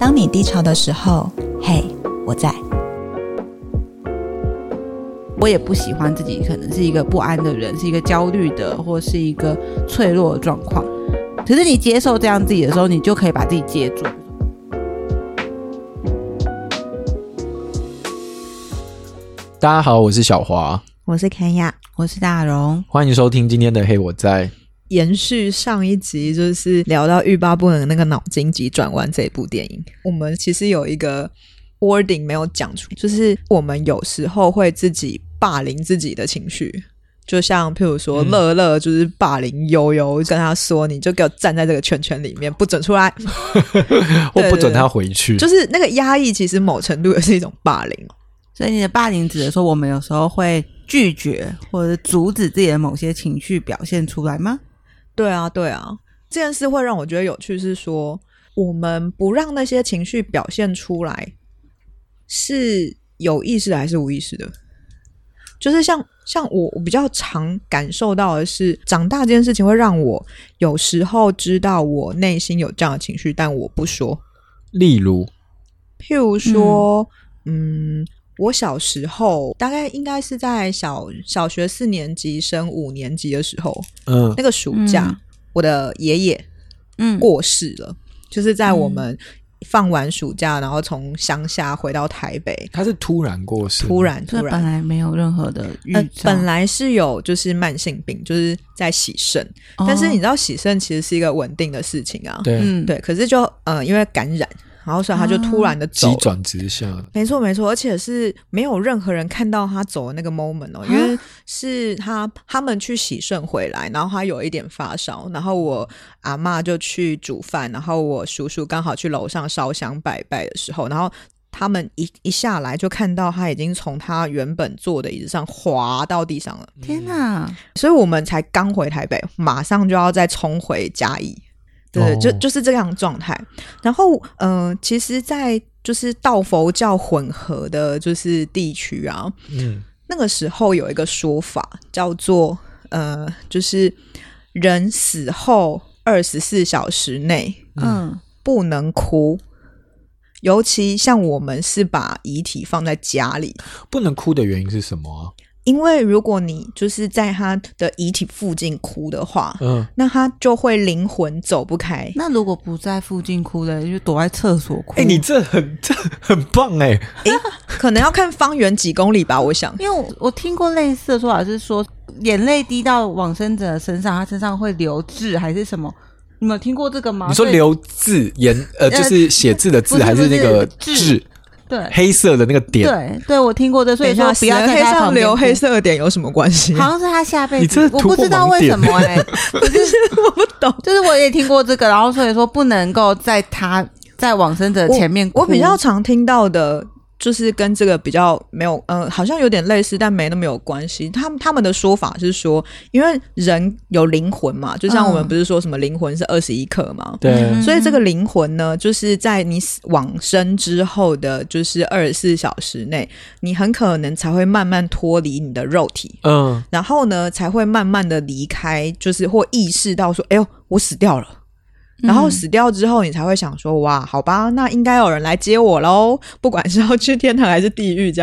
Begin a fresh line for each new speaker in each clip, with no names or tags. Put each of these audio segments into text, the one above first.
當你低潮的時候，嘿，我在。我也不喜歡自己，可能是一個不安的人，是一個焦慮的，或是一個脆弱的狀況。可是你接受這樣自己的時候，你就可以把自己接住。
大家好，我是小華，
我是肯亞，我是大容，
歡迎收聽今天的《嘿！我在》。
延續上一集，就是聊到欲罷不能那個腦筋急轉彎這一部電影，我們其實有一個 wording 沒有講出，就是我們有時候會自己霸凌自己的情緒，就像譬如說樂樂就是霸凌悠悠跟，跟他說你就給我站在這個圈圈裡面，不准出來，
對 我不准他回去，就是那
個壓抑其實某程度也是一種霸凌，所以你的霸凌指的是說我們有時候會拒絕或者阻
止自己的某些情緒表現出來嗎？
對啊，對啊，這件事會讓我覺得有趣是說，我們不讓那些情緒表現出來，是有意識還是無意識的？就是像像我，我比較常感受到的是，長大這件事情會讓我有時候知道我內心有這樣的情緒，但我不說。例如，譬如說，嗯。嗯我小時候大概應該是在小小學四年級升五年級的時候，
嗯，那個暑假，嗯、
我的爺爺，嗯，過世了，嗯、就是在我們放完暑假，然後從鄉下回到台
北，他是突然過世突然，突然突然本來沒有任何的、呃、本
來是有就是慢性病，就是在洗腎，哦、但是你知道洗腎其實是一個穩定的事情啊，對、嗯、對，可是就呃因為感染。然後所以他就突然的了急轉
直下，
沒錯沒錯，而且是沒有任何人看到他走的那個 moment 哦，啊、因為是他他們去洗腎回來，然後他有一點發燒，然後我阿媽就去煮飯，然後我叔叔剛好去樓上燒香拜拜的時候，然後他們一一下來就看到他已經從他原本坐的椅子上滑到地上了，天哪，嗯！所以我們才剛回台北，馬上就要再衝回嘉義。對，哦、就就是這樣的狀態。然後，嗯、呃，其實，在就是道佛教混合的，就是地區啊，嗯，那個時候有一個說法叫做，呃，就是人死後二十四小時內，嗯，嗯，不能哭。尤其像我們是把遺體放在家裡，不能哭的原因是什麼、啊？因為如果你就是在他的遺體附近哭的話，嗯，那他就會靈魂走不開。那如果不在附近哭的，就躲在廁所
哭。哎、欸，你這很這很棒哎、欸！
哎、欸， 可能要看方圓幾公里吧，我想。
因為我我聽過類似的說法，是說眼淚滴到往生者身上，他身上會留痣還是什麼？你們有聽過這個嗎？你說留
字言呃，就是寫字的字、呃、不是不是還是那個痣？痣對，黑色的那個點，對
對，我聽過這，所以說不要在他要黑上流。黑色
的點有什麼關係？好像是
他下輩子，我不知道為什麼哎、
欸，就 是
我不懂。 就是我也聽過這個，然後所以說不能夠在他在往生者前面哭。我比較常
聽到的。就是跟這個比較沒有，嗯，好像有點類似，但沒那麼有關係。他們他們的說法是說，因為人有靈魂嘛，嗯、就像我們不是說什麼靈魂是二十一克嘛，對，嗯、所以這個靈魂呢，就是在你往生之後的，就是二十四小時內，你很可能才會慢慢脫離你的肉體，嗯，然後呢，才會慢慢的離開，就是或意識到說，哎呦，我死掉了。然後死掉之後，你才會想說：哇，好吧，那應該有人來接我嘍，不管是要去天堂還是地獄這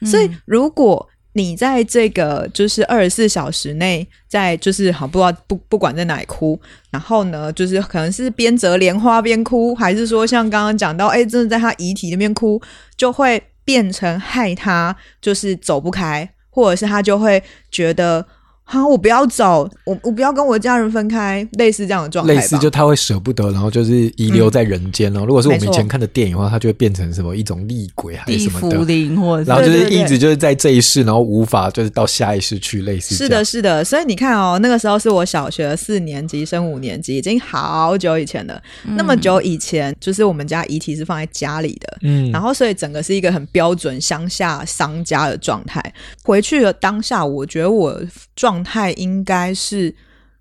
樣。所以，如果你在這個就是二十四小時內，在就是好不知道不不管在哪裡哭，然後呢，就是可能是邊折蓮花邊哭，還是說像剛剛講到，誒，真的在他遺體那邊哭，就會變成害他就是走不開，或者是他就會覺得。好，我不要走，我我不要跟我的家人分開，類似這樣的狀態。類似就
他會捨不得，然後就是遺留在人間哦、嗯、如果是我們以前看的電影的話，他錯就會變成什麼一種厲鬼還是
什麼的。福或者
什麼然後就是一直就
是在這一世，然後無法就是到下一世去，類似。對對對對是的，
是的。所以你看哦，那個時候是我小學四年級升五年級，已經好久以前了，嗯、那麼久以前，就是我們家遺體是放在家裡的，嗯，然後所以整個是一個很標準鄉下商家的狀態。回去的當下，我覺得我狀。狀態應該是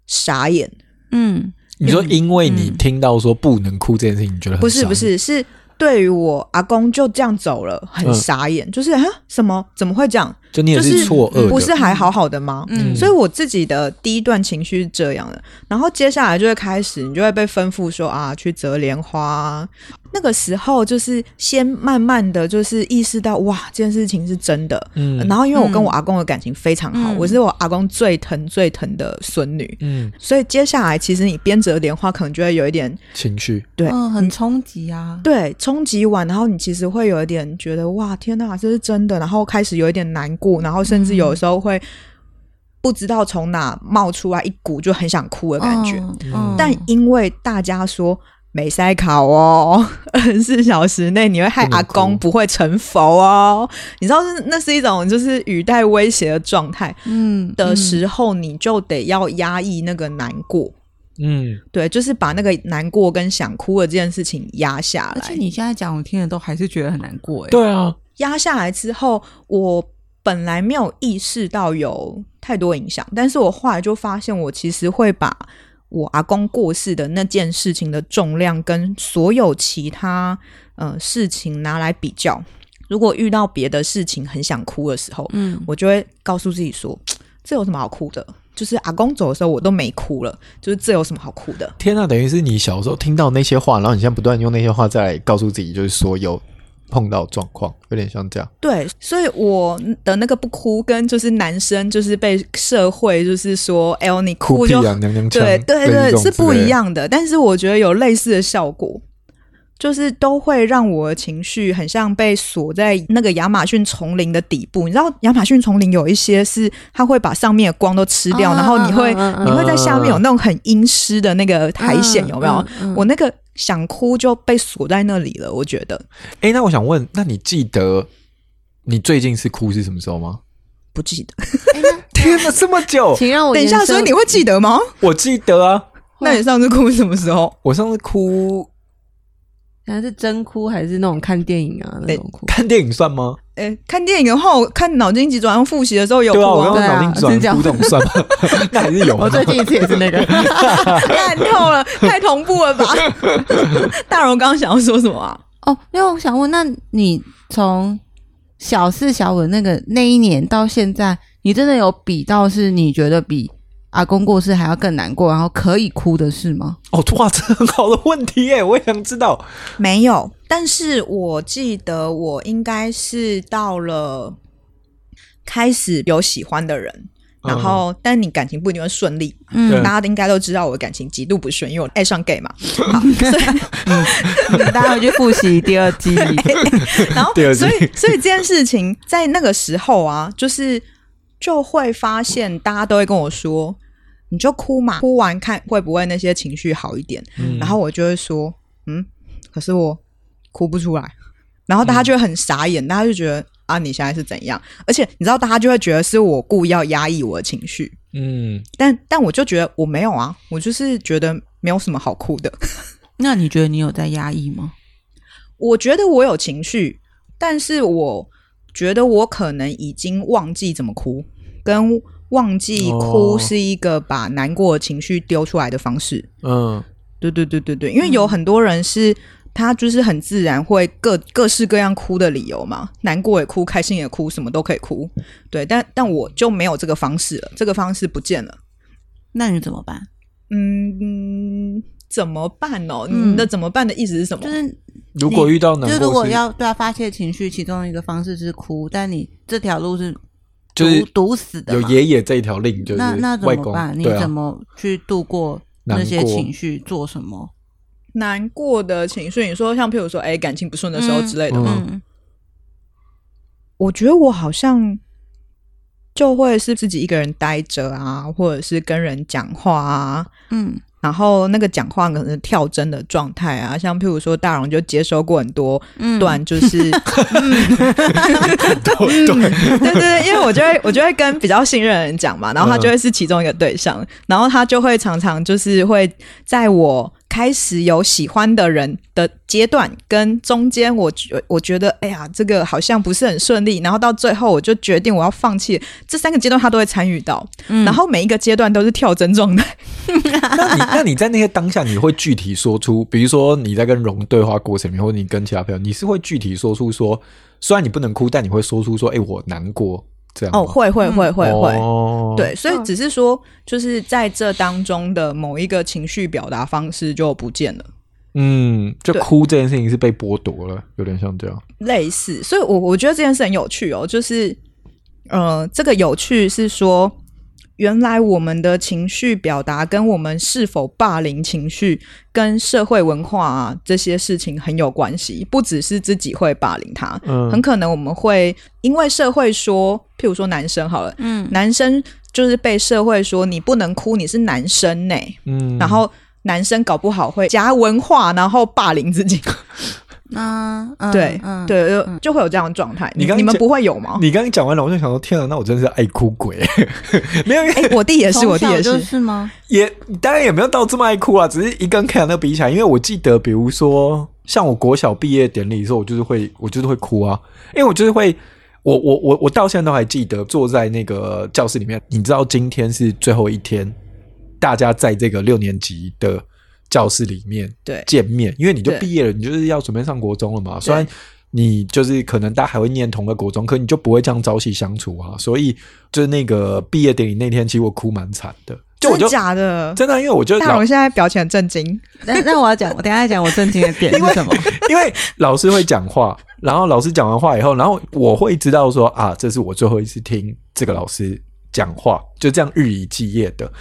傻眼，
嗯，嗯，你說因為你聽到說不能哭這件事情，你覺得很傻眼？不是不
是，是對於我阿公就這樣走了，很傻眼，嗯、就是啊，什麼，怎麼會這樣？就你也是錯愕的，不是還好好的嗎？嗯，所以我自己的第一段情緒是這樣的，然後接下來就會開始，你就會被吩咐說啊，去折蓮花、啊。那個時候就是先慢慢的就是意識到哇，這件事情是真的。嗯，然後因為我跟我阿公的感情非常好，嗯、我是我阿公最疼最疼的孫女。嗯，所以接下來其實你邊折蓮花可能就會有一點
情緒趣，對，嗯、
很衝擊啊。對，衝擊完，然後你其實會有一點覺得哇，天吶，這是真的，然後開始有一點難。然後甚至有時候會不知道從哪冒出來一股就很想哭的感覺，哦、但因為大家說、嗯、沒塞考哦，二十四小時內你會害阿公不會成佛哦，你知道是那是一種就是語帶威脅的狀態，
嗯，的時
候、嗯、你就得要壓抑那個難過，嗯，對，就是把那個難過跟想哭的這件事情壓下來。而且你現在講我聽的都還是覺得很難過，哎，對啊，壓下來之後我。本來沒有意識到有太多影響，但是我後來就發現，我其實會把我阿公過世的那件事情的重量跟所有其他呃事情拿來比較。如果遇到別的事情很想哭的時候，嗯，我就會告訴自己說：這有什麼好哭的？就是阿公走的時候我都沒哭了，就是這有什麼好哭的？
天吶、啊，等於是你小時候聽到那些話，然後你現在不斷用那些話再告訴自己，就是說有。碰到狀況有點像這樣，
對，所以我的那個不哭跟就是男生就是被社會就是說，哎呦你哭就對對對是不一樣的，但是我覺得有類似的效果，就是都會讓我的情緒很像被鎖在那個亞馬遜叢林的底部。你知道亞馬遜叢林有一些是它會把上面的光都吃掉，然後你會你會在下面有那種很陰濕的那個苔蘚，有沒有？我那
個。想哭就被鎖在那裡了，我覺得。哎、欸，那我想問，那你記得你最近是哭是什麼時候嗎？不記得。 天哪、啊，這麼久！請讓我等一下說，你會記得嗎？我記得啊。那你上次哭是什麼時候？我上次哭。
還是真哭還是那種看電影啊？那種
哭，欸、看電影算嗎？哎、
欸，看電影的話，我看腦筋急轉彎複習的時候有哭啊。腦、啊、筋急轉彎算嗎？ 那還是
有、啊。我最近一次也是那個，
太、 欸、痛了， 太同步了吧？ 大容剛剛想要說什麼啊？哦，
因為我想問，那你從小四小五的那個那一年到現在，你真的有比到是你覺得比？阿公過世還要更難過，然後可以哭的是嗎？
哦，哇，這很好的
問題耶、欸，我也想知道。沒有，但是我記得我應該是到了開始有喜歡的人，然後、啊、但你感情不一定會順利。嗯，嗯對大家應該都知道我的感情極度不順，因為我愛上 gay 嘛。嗯。
大家回去複習第二季、欸欸。
然後，
第二季。所以，所
以這件事情在那個時候啊，就是就會發現大家都會跟我說。你就哭嘛，哭完看會不會那些情緒好一點。嗯、然後我就會說，嗯，可是我哭不出來。然後大家就很傻眼，嗯、大家就覺得啊，你現在是怎樣？而且你知道，大家就會覺得是我故意要壓抑我的情緒。嗯，但但我就覺得我沒有啊，我就是覺得沒有什麼好哭的。那你覺得你有在壓抑嗎？ 我覺得我有情緒，但是我覺得我可能已經忘記怎麼哭，跟。忘記哭是一個把難過的情緒丟出來的方式。哦、嗯，對對對對對，因為有很多人是他就是很自然會各各式各樣哭的理由嘛，難過也哭，開心也哭，什麼都可以哭。對，但但我就沒有這個方式了，這個方式不見了。那你怎麼辦？嗯，怎麼辦哦？那
怎麼辦的意思是什麼？嗯、就是
你如果遇到難過，就如果要
對他發洩情緒，其中一個方式是哭，但你這條路是。
就死的，有爺爺這一條令，那就是外公，就那那怎麼
辦、啊、你怎麼去度過那些情緒？過做什麼？
難過的情緒，你說像譬如說，哎、欸，感情不順的時候之類的嗎？嗯嗯、我覺得我好像就會是自己一個人待著啊，或者是跟人講話啊，嗯。然後那個講話可能跳針的狀態啊，像譬如說大容就接收過很多段，就是，
對對對，因為我就
會我就會跟比較信任的人講嘛，然後他就會是其中一個對象，嗯、然後他就會常常就是會在我開始有喜歡的人的階段，跟中間我覺我覺得，哎呀，這個好像不是很順利。然後到最後，我就決定我要放棄。這三個階段他都會參與到，嗯、然後每一個階段都是跳針狀
態。 那你那你在那些當下，你會具體說出，比如說你在跟榮對話過程裡面，或你跟其他朋友，你是會具體說出說，雖然你不能哭，但你會說出說，哎、欸，我難過。這樣哦，會會會會會，對，所
以只是說，哦、就是在這當中的某一個情緒表達方式就不見
了，嗯，就哭對這件事情是被剝奪了，有點像這樣，
類似，所以我我覺得這件事很有趣哦，就是，呃，這個有趣是說。原來我們的情緒表達跟我們是否霸凌情緒，跟社會文化啊，這些事情很有關係。不只是自己會霸凌他，嗯，很可能我們會因為社會說，譬如說男生好了，嗯，男生就是被社會說你不能哭，你是男生呢，嗯，然後男生搞不好會夾文化，然後霸凌自己。 啊，嗯、對，嗯、對，嗯、就就會有這樣的狀態。你剛你們不會有
嗎？你剛剛講完了，我就想說，天吶，那我真的是愛哭鬼。 沒有，為、欸、我弟也是，我弟也是嗎？也當然也沒有到這麼愛哭啊，只是一個跟肯亞比起來。因為我記得，比如說像我國小畢業典禮的時候，我就是會，我就是會哭啊。因為我就是會，我我我我到現在都還記得，坐在那個教室裡面，你知道今天是最後一天，大家在這個六年級的。教室裡面，見面，對因為你就畢業了，對你就是要準備上國中了嘛。對雖然你就是可能大家還會念同個國中，可你就不會這樣朝夕相處啊。所以就是那個畢業典禮那天，其實我哭蠻慘的。的的就我就假的真的，因為我就那我
現在表情很震驚老。 那我要講，我等一下講我震驚的點是什麼？
因為，因為老師會講話， 然後老師講完話以後，然後我會知道說啊，這是我最後一次聽這個老師講話。就這樣日以繼夜的。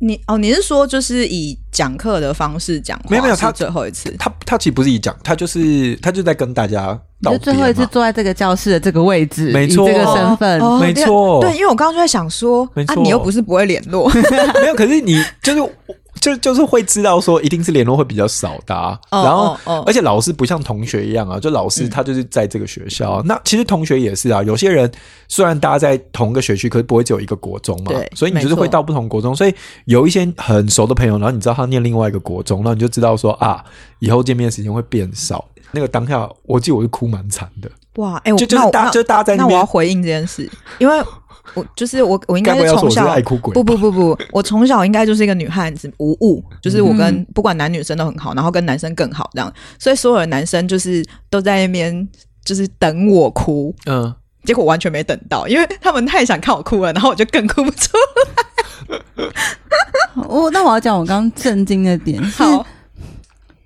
你哦，你是說就是以講課的方式講課？沒有沒有，他，他
最後一次，他他，他其實不是以講，他就是他就在跟大家道別，最後一次
坐在這個教室
的這個位
置，沒錯錯，這個身份、哦哦、沒錯。對，因
為我剛剛就在想說，錯啊，你又不是不會聯絡， 沒有，
可是你就是。就就是會知道說，一定是聯絡會比較少的、啊。哦、然後，哦哦、而且老師不像同學一樣啊，就老師他就是在這個學校。嗯、那其實同學也是啊，有些人雖然大家在同一個學區，可是不會只有一個國中嘛，對所以你就是會到不同國中。錯所以有一些很熟的朋友，然後你知道他念另外一個國中，然後你就知道說啊，以後見面的時間會變少。嗯、那個當下，我記得我是哭蠻慘的。哇，哎、欸，我就就大家就大家在那，在那我要
回應這件事，因為。我就是我，我應該是從小愛哭鬼？不，是不不不不，我從小應該就是一個女漢子，無誤。就是我跟不管男女生都很好，然後跟男生更好，這樣。所以所有的男生就是都在那邊就是等我哭，嗯，結果完全沒等到，因為他們太想看我哭了，然後我就更哭不出來。
我 那我要講我剛震驚的點是，好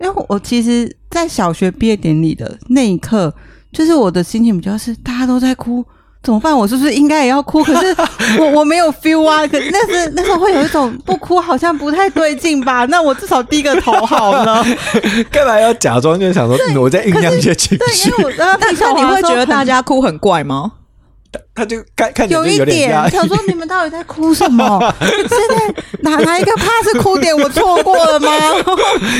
因為我其實在小學畢業典禮的那一刻，就是我的心情比較是大家都在哭。怎麼辦？我是不是應該也要哭？可是我我沒有 feel 啊！ 可那時那時候會有一種不哭好像不太對勁吧？那我至少低個頭好
呢？幹嘛 要假裝？就想說對、嗯、我在醞釀一些情緒。
對，因為我的小黃， 但你會覺得大家哭
很怪嗎？他就看，
看，就有，有一點，想說你們到
底在哭什麼？
現在哪來一個怕是
哭點？我錯過了嗎？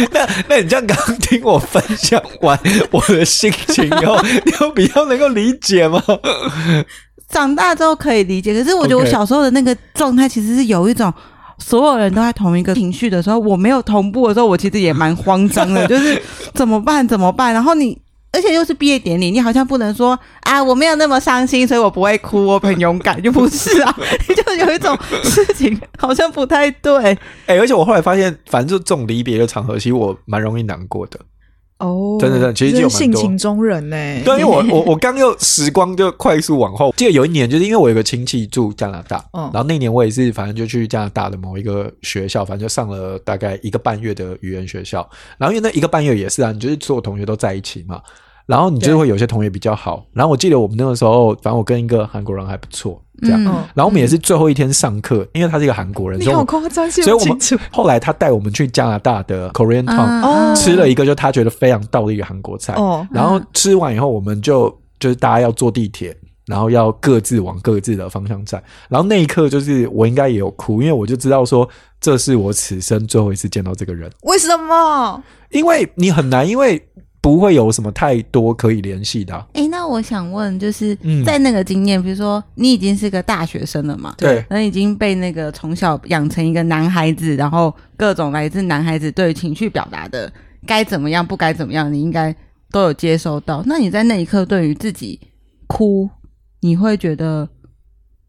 那那你這樣剛聽我分享完我的心情以後， 你有比較能夠理解嗎？
長大之後可以理解，可是我覺得我小時候的那個狀態其實是有一種，Okay. 所有人都在同一個情緒的時候，我沒有同步的時候，我其實也蠻慌張的，就是怎麼辦？怎麼辦？然後你。而且又是畢業典禮，你好像不能說啊，我沒有那麼傷心，所以我不會哭，我很勇敢， 就不是啊，
你就有一種事情好像不太對。哎、欸，而且我後來發現，反正就這種離別的場合，其實我蠻容易難過的。
哦，對對對，其實就性情中人呢、欸。對，因為我 我
我剛又時光就快速往後，記得有一年，就是因為我有個親戚住加拿大，嗯、然後那一年我也是，反正就去加拿大的某一個學校，反正就上了大概一個半月的語言學校。然後因為那一個半月也是啊，你就是所有同學都在一起嘛，然後你就會有些同學比較好。對 然後我記得我們那個時候，反正我跟一個韓國人還不錯。這樣，嗯、然後我們也是最後一天上課，嗯、因為他是一個韓國人，你好誇張，所以我後來他帶我們去加拿大的 Korean Town，啊，吃了一個，就他覺得非常道理的一個韓國菜。哦，然後吃完以後，我們就就是大家要坐地鐵，然後要各自往各自的方向站。然後那一刻，就是我應該也有哭，因為我就知道說這是我此生最後一次見到這個人。為什麼？因為你很難，因為。不會有什麼太多可以聯繫的啊。
哎、欸，那我想問，就是在那個經驗，比如說你已經是個大學生了嘛？對，那已經被那個從小養成一個男孩子，然後各種來自男孩子對情緒表達的該怎麼樣、不該怎麼樣，你應該都有接受到。那你在那一刻對於自己哭，你會覺得？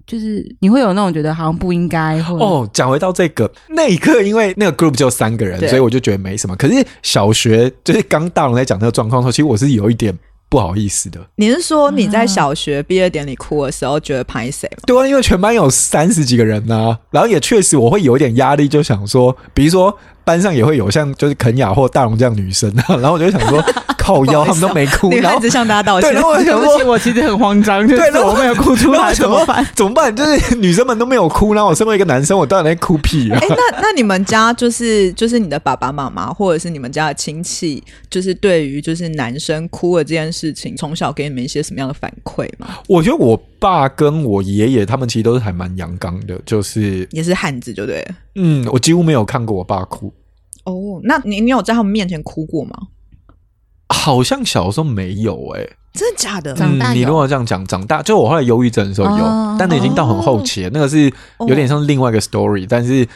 就是你會有那種覺得好像不應該，或者
哦，講回到這個那一刻，因為那個 group 就三個人，對所以我就覺得沒什麼。可是小學就是剛大容在講這個狀況的時候，其實我是有一點不好意思的。
你是說你在小學畢業典禮哭的時候覺得排誰嗎？
嗯、對啊，因為全班有三十幾個人啊，然後也確實我會有一點壓力，就想說，比如說。班上也會有像就是肯亞或大容這樣女生，啊，然後我就想說靠腰，喔，他們都沒哭，然後你一直向大家道歉然後。對，然後我想說對不起，我其實很慌張，對，就是，我沒有哭出來，怎麼辦？怎麼辦？就是女生們都沒有哭，然後我身為一個男生，我當然在哭屁啊！哎、欸，那
那你們家就是就是你的爸爸媽媽或者是你們家的親戚，就是對於就是男生哭的這件事情，從小給你們一些什麼樣的反饋
嗎？我覺得我爸跟我爺爺他們其實都是還蠻陽剛的，就是也是漢子，就對。嗯，我幾乎沒有看過我爸哭。
哦，oh, 那你，你有在他們面前哭過嗎？
好像小時候沒有誒、欸，
真的假的？嗯，你如果
這樣講，長大就我後來憂鬱症的時候有，oh, 但那已經到很後期了，oh. 那個是有點像另外一個 story。Oh. 但是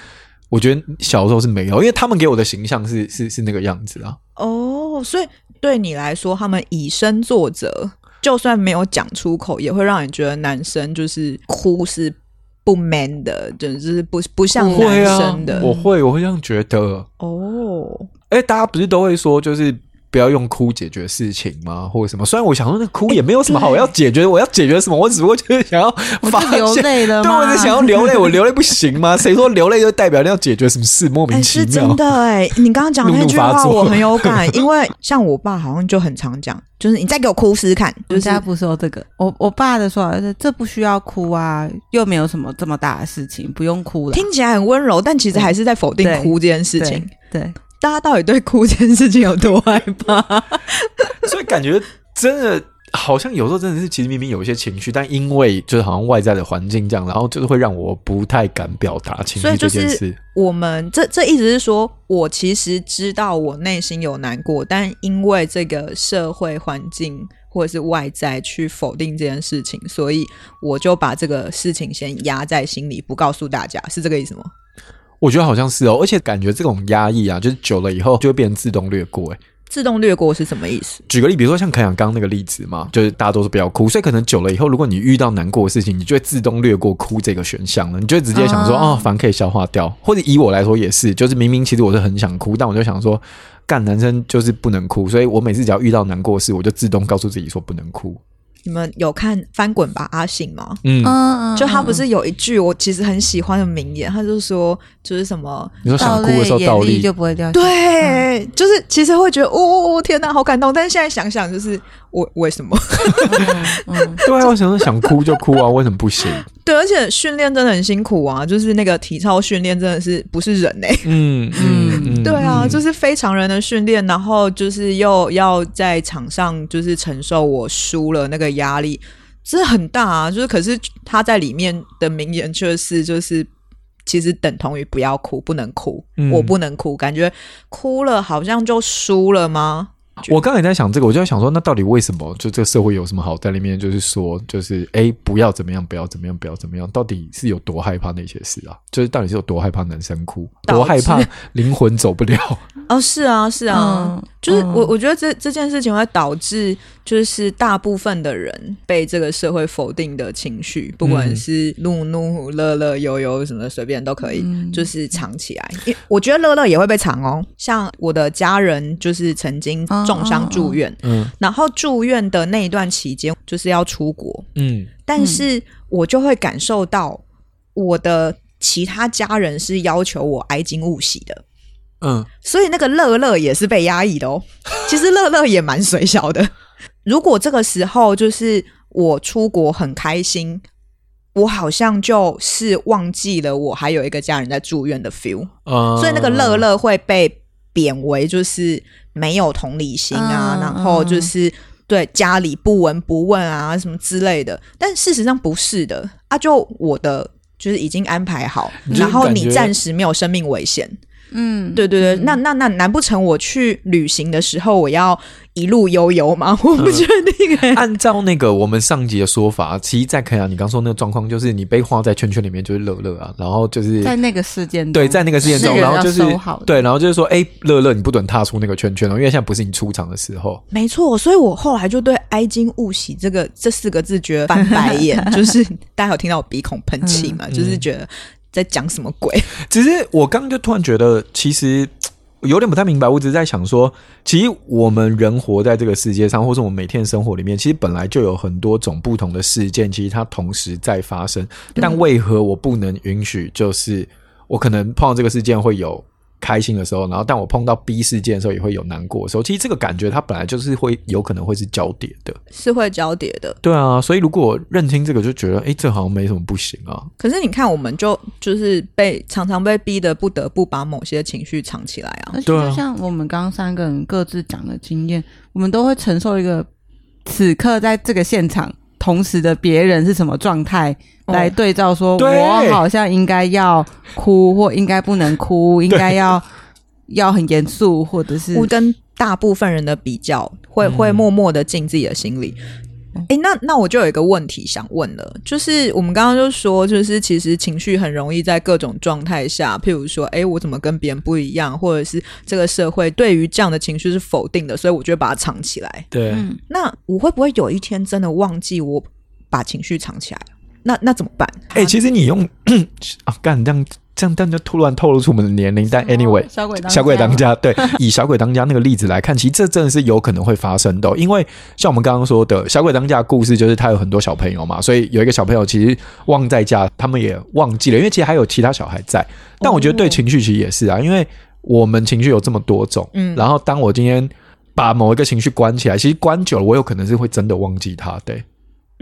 我覺得小時候是沒有，因為他們給我的形象是是是那個樣子啊。
哦，oh, 所以對你來說，他們以身作則，就算沒有講出口，也會讓你覺得男生就是哭是。不 man 的，就是不不像男生的，會啊，我會我
會這樣覺得。哦，誒，大家不是都會說，就是。不要用哭解決事情嗎，或者什麼？雖然我想說，那哭也沒有什麼好我要解決，欸、我要解決什麼？我只不過就是想要發現，流淚了對，我是想要流淚，我流淚不行嗎？誰 說流淚就代表你要解決什麼事？莫名其妙。欸、是真的
哎、欸，你剛剛講那句話怒怒發作，我很有感，因為像我爸好像就很常講，就是你再給我哭試試看。就是他不說這個，我
我爸的說這不需要哭啊，又沒有什麼這麼大的事情，不用哭了。聽起
來很溫柔，但其實還是在否定對哭這件事情。對。對大家到底對哭這件事情有
多害怕？ 所以感覺真的好像有時候真的是，其實明明有一些情緒，但因為就是好像外在的環境這樣，然後就是會讓我不太敢表達情緒，這件事，所以就
是我們這這意思是說，我其實知道我內心有難過，但因為這個社會環境或者是外在去否定這件事情，所以我就把這個事情先壓在心裡，不告訴大家，是這個意思嗎？
我覺得好像是哦，而且感覺這種壓抑啊，就是久了以後就會變成自動略過誒。
自動略過是什麼意思？
舉個例子，比如說像肯亞剛剛那個例子嘛，就是大家都是不要哭，所以可能久了以後，如果你遇到難過的事情，你就會自動略過哭這個選項了，你就會直接想說啊，嗯哦、反正可以消化掉。或者以我來說也是，就是明明其實我是很想哭，但我就想說，幹男生就是不能哭，所以我每次只要遇到難過的事，我就自動告訴自己說不能哭。
你們有看《翻滾吧，阿信》嗎？嗯，就他不是有一句我其實很喜歡的名言，嗯、他就說就是什麼，你說想哭的時候倒立，眼淚就不會掉。對，嗯、就是其實會覺得，哦，天哪、啊，好感動。但是現在想想，就是。為為什麼？Oh,
oh. 對啊，我想說，想哭就哭啊，為什麼不行？
對，而且訓練真的很辛苦啊，就是那個體操訓練真的是不是人哎、欸嗯，嗯嗯，對啊，嗯、就是非常人的訓練，然後就是又要在場上就是承受我輸了那個壓力，是很大啊。就是可是他在裡面的名言卻是就是其實等同於不要哭，不能哭，嗯、我不能哭，感覺哭了好像就輸了嗎？
我剛才在想這個，我就在想說，那到底為什麼就這個社會有什麼好在裡面？就是說，就是哎，不要怎麼樣，不要怎麼樣，不要怎麼樣，到底是有多害怕那些事啊？就是到底是有多害怕男生哭，多害怕靈魂走不了？
哦，是啊，是啊，嗯、就是我我覺得這這件事情會導致，就是大部分的人被這個社會否定的情緒，不管是怒怒、樂樂、憂憂什麼，隨便都可以，嗯、就是藏起來。因我覺得樂樂也會被藏哦，像我的家人就是曾經、嗯。重傷住院，哦，嗯、然後住院的那一段期間就是要出國，嗯、但是我就會感受到我的其他家人是要求我哀矜勿喜的，嗯，所以那個樂樂也是被壓抑的哦。其實樂樂也蠻水小的。 如果這個時候就是我出國很開心，我好像就是忘記了我還有一個家人在住院的 feel，哦、
所以那個樂
樂會被貶為就是。沒有同理心啊，嗯、然後就是對，對家裡不聞不問啊，什麼之類的。但事實上不是的啊，就我的就是已經安排好，嗯、然後你暫時沒有生命危險。嗯嗯，對對對，嗯、那那那，難不成我去旅行的時候，我要一路悠悠嗎？我不確
定、欸嗯。按照那個我們上集的說法，其實肯亞，你剛說那個狀況就是你被畫在圈圈裡面，就是樂樂啊，然後就是在
那個事件中對，在那個事件中，然後就是對，
然後就是說，哎、欸，樂樂你不准踏出那個圈圈哦，因為現在不是你出場的時候。
沒錯，所以我後來就對“哀矜勿喜”這個這四個字覺得翻白眼， 就是大家有聽到我鼻孔噴氣嘛，嗯、就是覺得。在講什麼鬼？
只是我剛剛就突然覺得，其實有點不太明白。我只是在想說，其實我們人活在這個世界上，或者我們每天生活裡面，其實本來就有很多種不同的事件，其實它同時在發生。但為何我不能允許？就是我可能碰到這個事件會有。開心的時候，然後但我碰到 B 事件的時候，也會有難過的時候。其實這個感覺，它本來就是會有可能會是交疊的，
是會交疊的。
對啊，所以如果認清這個，就覺得哎、欸，這好像沒什麼不行啊。
可是你看，我們就就是被常常被逼得，不得不把某些情緒藏起來啊。對，就像我們剛剛三個人各自
講的經驗，我們都會承受一個此刻在這個現場。同時的別人是什麼狀態來對照說，說、哦、我好像應該要哭，
或應該不能哭，應該要對要很嚴肅，或者是跟大部分人的比較，會會默默的進自己的心裡。嗯哎、欸，那那我就有一個問題想問了，就是我們剛剛就說，就是其實情緒很容易在各種狀態下，譬如說，哎、欸，我怎麼跟別人不一樣，或者是這個社會對於這樣的情緒是否定的，所以我就把它藏起來。
對，
那我會不會有一天真的忘記我
把情緒藏起來？那那怎麼辦？哎、欸，其實你用，啊，幹、 啊、這樣。這樣，但就突然透露出我們的年齡。嗎但 anyway，小、小鬼當家，對， 以小鬼當家那個例子來看，其實這真的是有可能會發生的。因為像我們剛剛說的小鬼當家的故事，就是他有很多小朋友嘛，所以有一個小朋友其實忘在家，他們也忘記了，因為其實還有其他小孩在。但我覺得對情緒其實也是啊，因為我們情緒有這麼多種，嗯，然後當我今天把某一個情緒關起來，其實關久了，我有可能是會真的忘記他，對。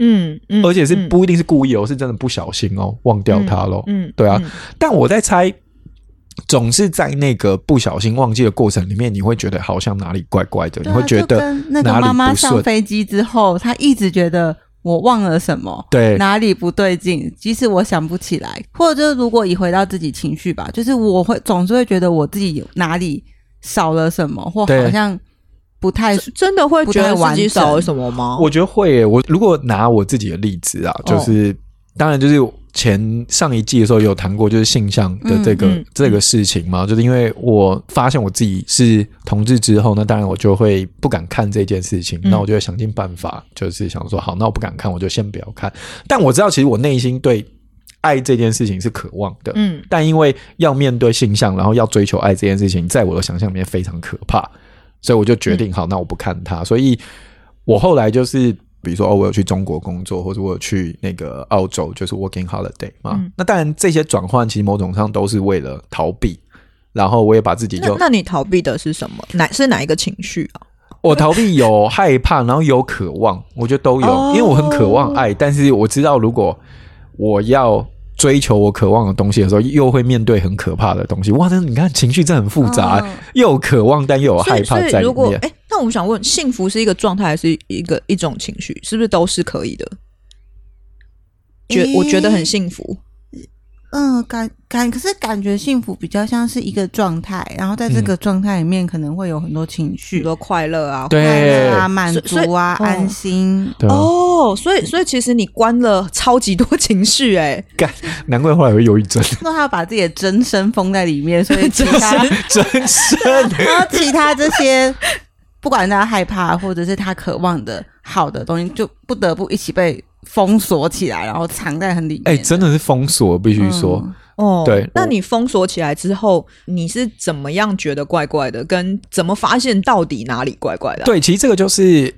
嗯，嗯而且是不一定是故意哦，嗯、是真的不小心哦，忘掉他嘍、嗯。嗯，對啊。嗯、但我在猜，總是在那個不小心忘記的過程裡面，你會覺得好像哪裡怪怪的，啊、你會覺得哪裡不順，那個媽媽上飛
機之後，她一直覺得我忘了什麼，對，哪裡不對勁，即使我想不起來，或者就是如果一回到自己情緒吧，就是我會總是會覺得我自己有哪裡少了什麼，或好像。
不太真的會覺得自己手什麼嗎？
我覺得會、欸。我如果拿我自己的例子啊，就是、哦、當然就是前上一季的時候有談過，就是性向的這個、嗯嗯、這個事情嘛。就是因為我發現我自己是同志之後，那當然我就會不敢看這件事情。那、嗯、我就會想盡辦法，就是想說好，那我不敢看，我就先不要看。但我知道，其實我內心對愛這件事情是渴望的。嗯，但因為要面對性向，然後要追求愛這件事情，在我的想象裡面非常可怕。所以我就決定好，那我不看他。嗯、所以，我後來就是，比如說哦，我有去中國工作，或者我有去那個澳洲，就是 working holiday 嘛、嗯、那當然，這些轉換其實某種上都是為了逃避。然後，我也把自己就那……那
你逃避的是什麼？哪是哪一個情緒
啊？我逃避有害怕，然後有渴望， 我覺得都有，因為我很渴望愛，但是我知道如果我要。追求我渴望的東西的時候，又會面對很可怕的東西。哇，那你看情緒真的很複雜，欸，嗯，又有渴望但又有害怕在裡面。
哎、欸，那我想問，幸福是一個狀態還是一個一種情緒？是不是都是可以的？覺、欸，我覺得很幸福。
嗯，感感可是感覺幸福比較像是一個狀態，然後在這個狀態裡面可能會有很多情緒，嗯、多
快樂啊，對快樂啊，滿足啊，以安心。哦，對啊，哦，所以所以其實你關了超級多情緒，欸，
哎，難怪後來會憂鬱症。
那他要把自己的真身封在裡面，所以其他真，
真身， 然後其
他這些不管他害怕或者是他渴望的好的東西，就不得不一起被。封
鎖起來，然後藏在很裡面。哎、欸，
真的是封鎖，必須說、嗯、哦。對，那
你封鎖起來之後，我你是怎麼樣覺得怪怪的？跟怎麼發現到底哪裡怪怪的、啊？對，
其實這個就是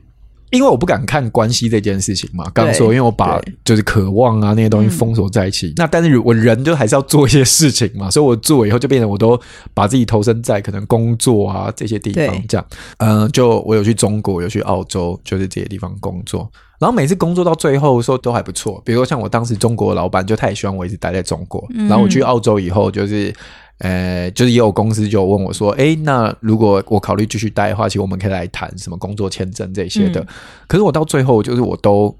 因為我不敢看關係這件事情嘛。剛，剛說，因為我把就是渴望啊，對渴望啊那些東西封鎖在一起。嗯、那但是我人就還是要做一些事情嘛，所以我做以後就變成我都把自己投身在可能工作啊這些地方這樣。嗯對、呃，就我有去中國，有去澳洲，就是這些地方工作。然後每次工作到最後，說都還不錯。比如說像我當時中國的老闆就太喜歡我一直待在中國。嗯、然後我去澳洲以後，就是呃，就是也有公司就問我說：“哎，那如果我考慮繼續待的話，其實我們可以來談什麼工作簽證這些的。嗯”可是我到最後就是我都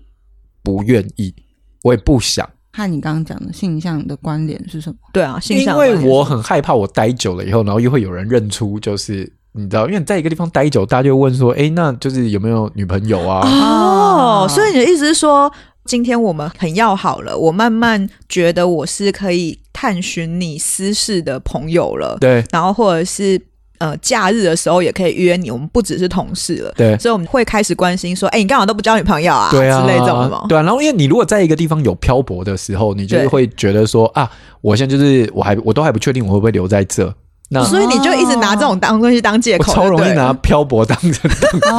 不願意，我也不想。
和你剛剛講的性向的關聯是什麼？對啊，性向的關聯。因為
我很害怕我待久了以後，然後又會有人認出，就是。你知道，因為你在一個地方待久，大家就會問說：“誒、欸，那就是有沒有女朋友啊？”
哦，所以你的意思是說，今天我們很要好了，我慢慢覺得我是可以探尋你私事的朋友了。對，然後或者是呃，假日的時候也可以約你，我們不只是同事了。對，所以我們會開始關心說：“誒、欸，你幹嘛都不交女朋友啊？”對啊，之類這種。對
啊，然後因為你如果在一個地方有漂泊的時候，你就會覺得說：“對啊，我現在就是我還我都還不確定我會不會留在這。”那所以你
就一直拿這種當東西當借口，oh, 超容易拿
漂泊當成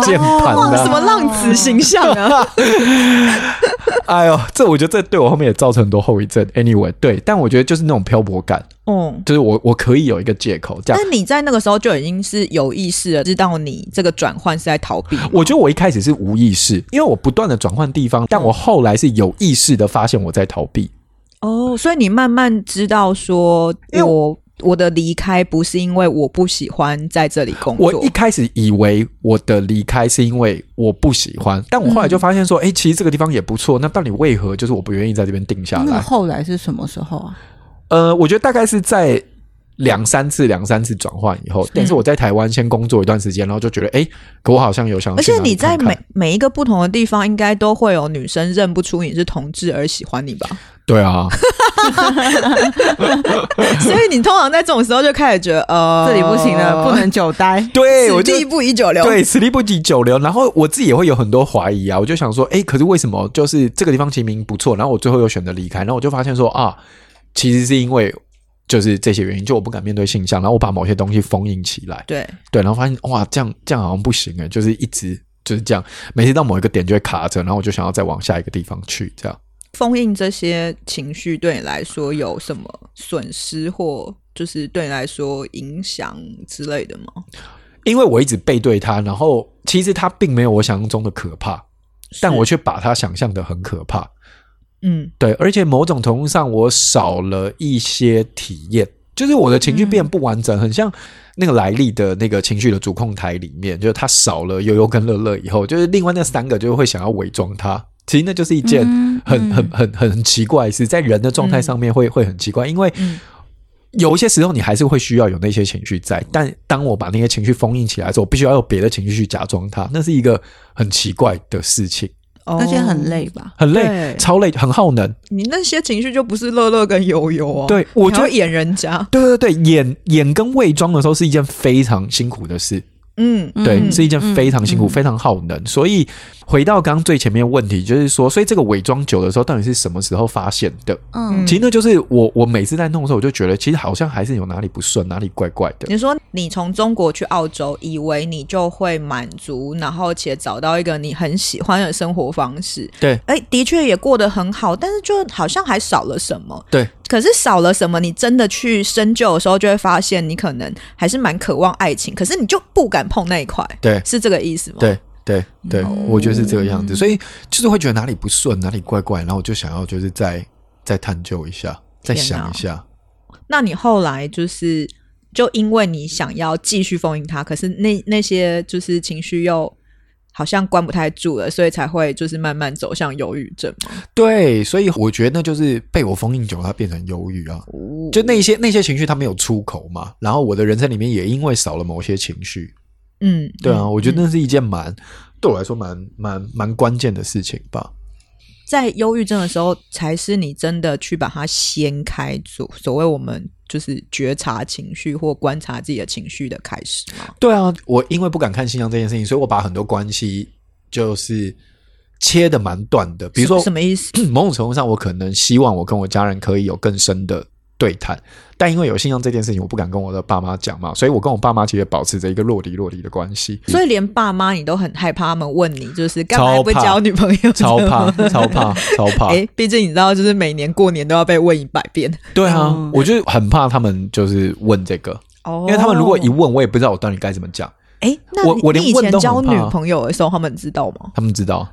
鍵盤什麼浪
子形象啊！
哎呦，這我覺得這對我後面也造成很多後遺症。Anyway，對，但我覺得就是那種漂泊感，嗯，就是我我可以有一個借口。但是
你在那個時候就已經是有意識的知道你這個轉
換是在逃避。我覺得我一開始是無意識，因為我不斷的轉換地方，但我後來是有意識的發現我在逃避。嗯、
哦，所以你慢慢知道說，因為我。我的離開不是因為我不喜歡在這裡工作。我
一開始以為我的離開是因為我不喜歡，但我後來就發現說，哎、嗯，欸，其實這個地方也不錯。那到底為何就是我不願意在這邊定下來？那
後來是什麼時候啊？
呃，我覺得大概是在。兩三次，兩三次轉換以後，但是我在台灣先工作一段時間，嗯、然後就覺得，哎、欸，可我好像有想、啊……而且你在每
看看每一個不同的地方，應該都會有女生認不出你是同志而喜歡你吧？
對啊，
所以你通常在這種時候就開始覺得，呃、 哦，這裡不行了，不能久待，
對，我就此地不宜久留，對，此地不宜久留。然後我自己也會有很多懷疑啊，我就想說，哎、欸，可是為什麼就是這個地方明明不錯，然後我最後又選擇離開，然後我就發現說啊，其實是因為。就是這些原因，就我不敢面對性向，然後我把某些東西封印起來。對對，然後發現哇，這樣這樣好像不行哎，就是一直就是這樣，每次到某一個點就會卡着，然後我就想要再往下一個地方去。這樣
封印這些情緒對你來說有什麼損失或就是對你來說影響之類的嗎？
因為我一直背對他，然後其實他並沒有我想象中的可怕，是但我卻把他想象的很可怕。嗯，對，而且某種程度上，我少了一些體驗，就是我的情緒變不完整，嗯、很像那個萊莉的那個情緒的主控台裡面，就是他少了憂憂跟樂樂以後，就是另外那三個就會想要偽裝他。其實那就是一件很、嗯、很很很奇怪的事，在人的狀態上面會、嗯、會很奇怪，因為有一些時候你還是會需要有那些情緒在，但當我把那些情緒封印起來之後，我必須要有別的情緒去假裝它，那是一個很奇怪的事情。
哦、那些很累吧，很累，對
超累，很耗能。
你那些情緒就不是樂樂跟悠悠啊？對，我就演人家。
對對對，演演跟偽裝的時候是一件非常辛苦的事。
嗯，對，嗯、是一
件非常辛苦、嗯、非常耗能，所以。回到剛最前面的問題，就是說，所以這個偽裝久的時候，到底是什麼時候發現的？嗯，其實呢就是我，我每次在弄的時候，我就覺得，其實好像還是有哪裡不順，哪裡怪怪的。你
說你從中國去澳洲，以為你就會滿足，然後且找到一個你很喜歡的生活方式。對，哎、欸，的確也過得很好，但是就好像還少了什麼。對，可是少了什麼？你真的去深究的時候，就會發現你可能還是蠻渴望愛情，可是你就不敢碰那一塊。對，是這個意思嗎？對。
對對，對 oh. 我覺得是這個樣子，所以就是會覺得哪裡不順，哪裡怪怪，然後我就想要就是再再探究一下，天哪。再想一下。
那你後來就是就因為你想要繼續封印它，可是那那些就是情緒又好像關不太住了，所以才會就是慢慢走向憂鬱症
嗎？對，所以我覺得那就是被我封印久了，它變成憂鬱啊，oh. 就那些那些情緒它沒有出口嘛，然後我的人生裡面也因為少了某些情緒。
嗯，對啊，嗯、我
覺得那是一件蠻、嗯、對我來說蠻蠻蠻關鍵的事情吧。
在憂鬱症的時候，才是你真的去把它掀開，所所謂我們就是覺
察情緒或觀察自己的情緒的開始。對啊，我因為不敢看信仰這件事情，所以我把很多關係就是切得蠻短的。比如說，什麼意思？某種程度上，我可能希望我跟我家人可以有更深的對談，但因為有性向這件事情，我不敢跟我的爸媽講嘛，所以我跟我爸媽其實保持着一個若即若離的關係。
所以連爸媽你都很害怕他們問你，就是幹嘛不會交女朋友超怕， 超怕、超怕、超怕！ 欸、畢竟你知道，就是每年過年都要被問一百遍。
對啊，嗯、我就很怕他們就是問這個，哦、因為他們如果一問我，也不知道我到底該怎麼講。哎、欸，我我連問以前交女朋友的時候，他們知道嗎？他們知道。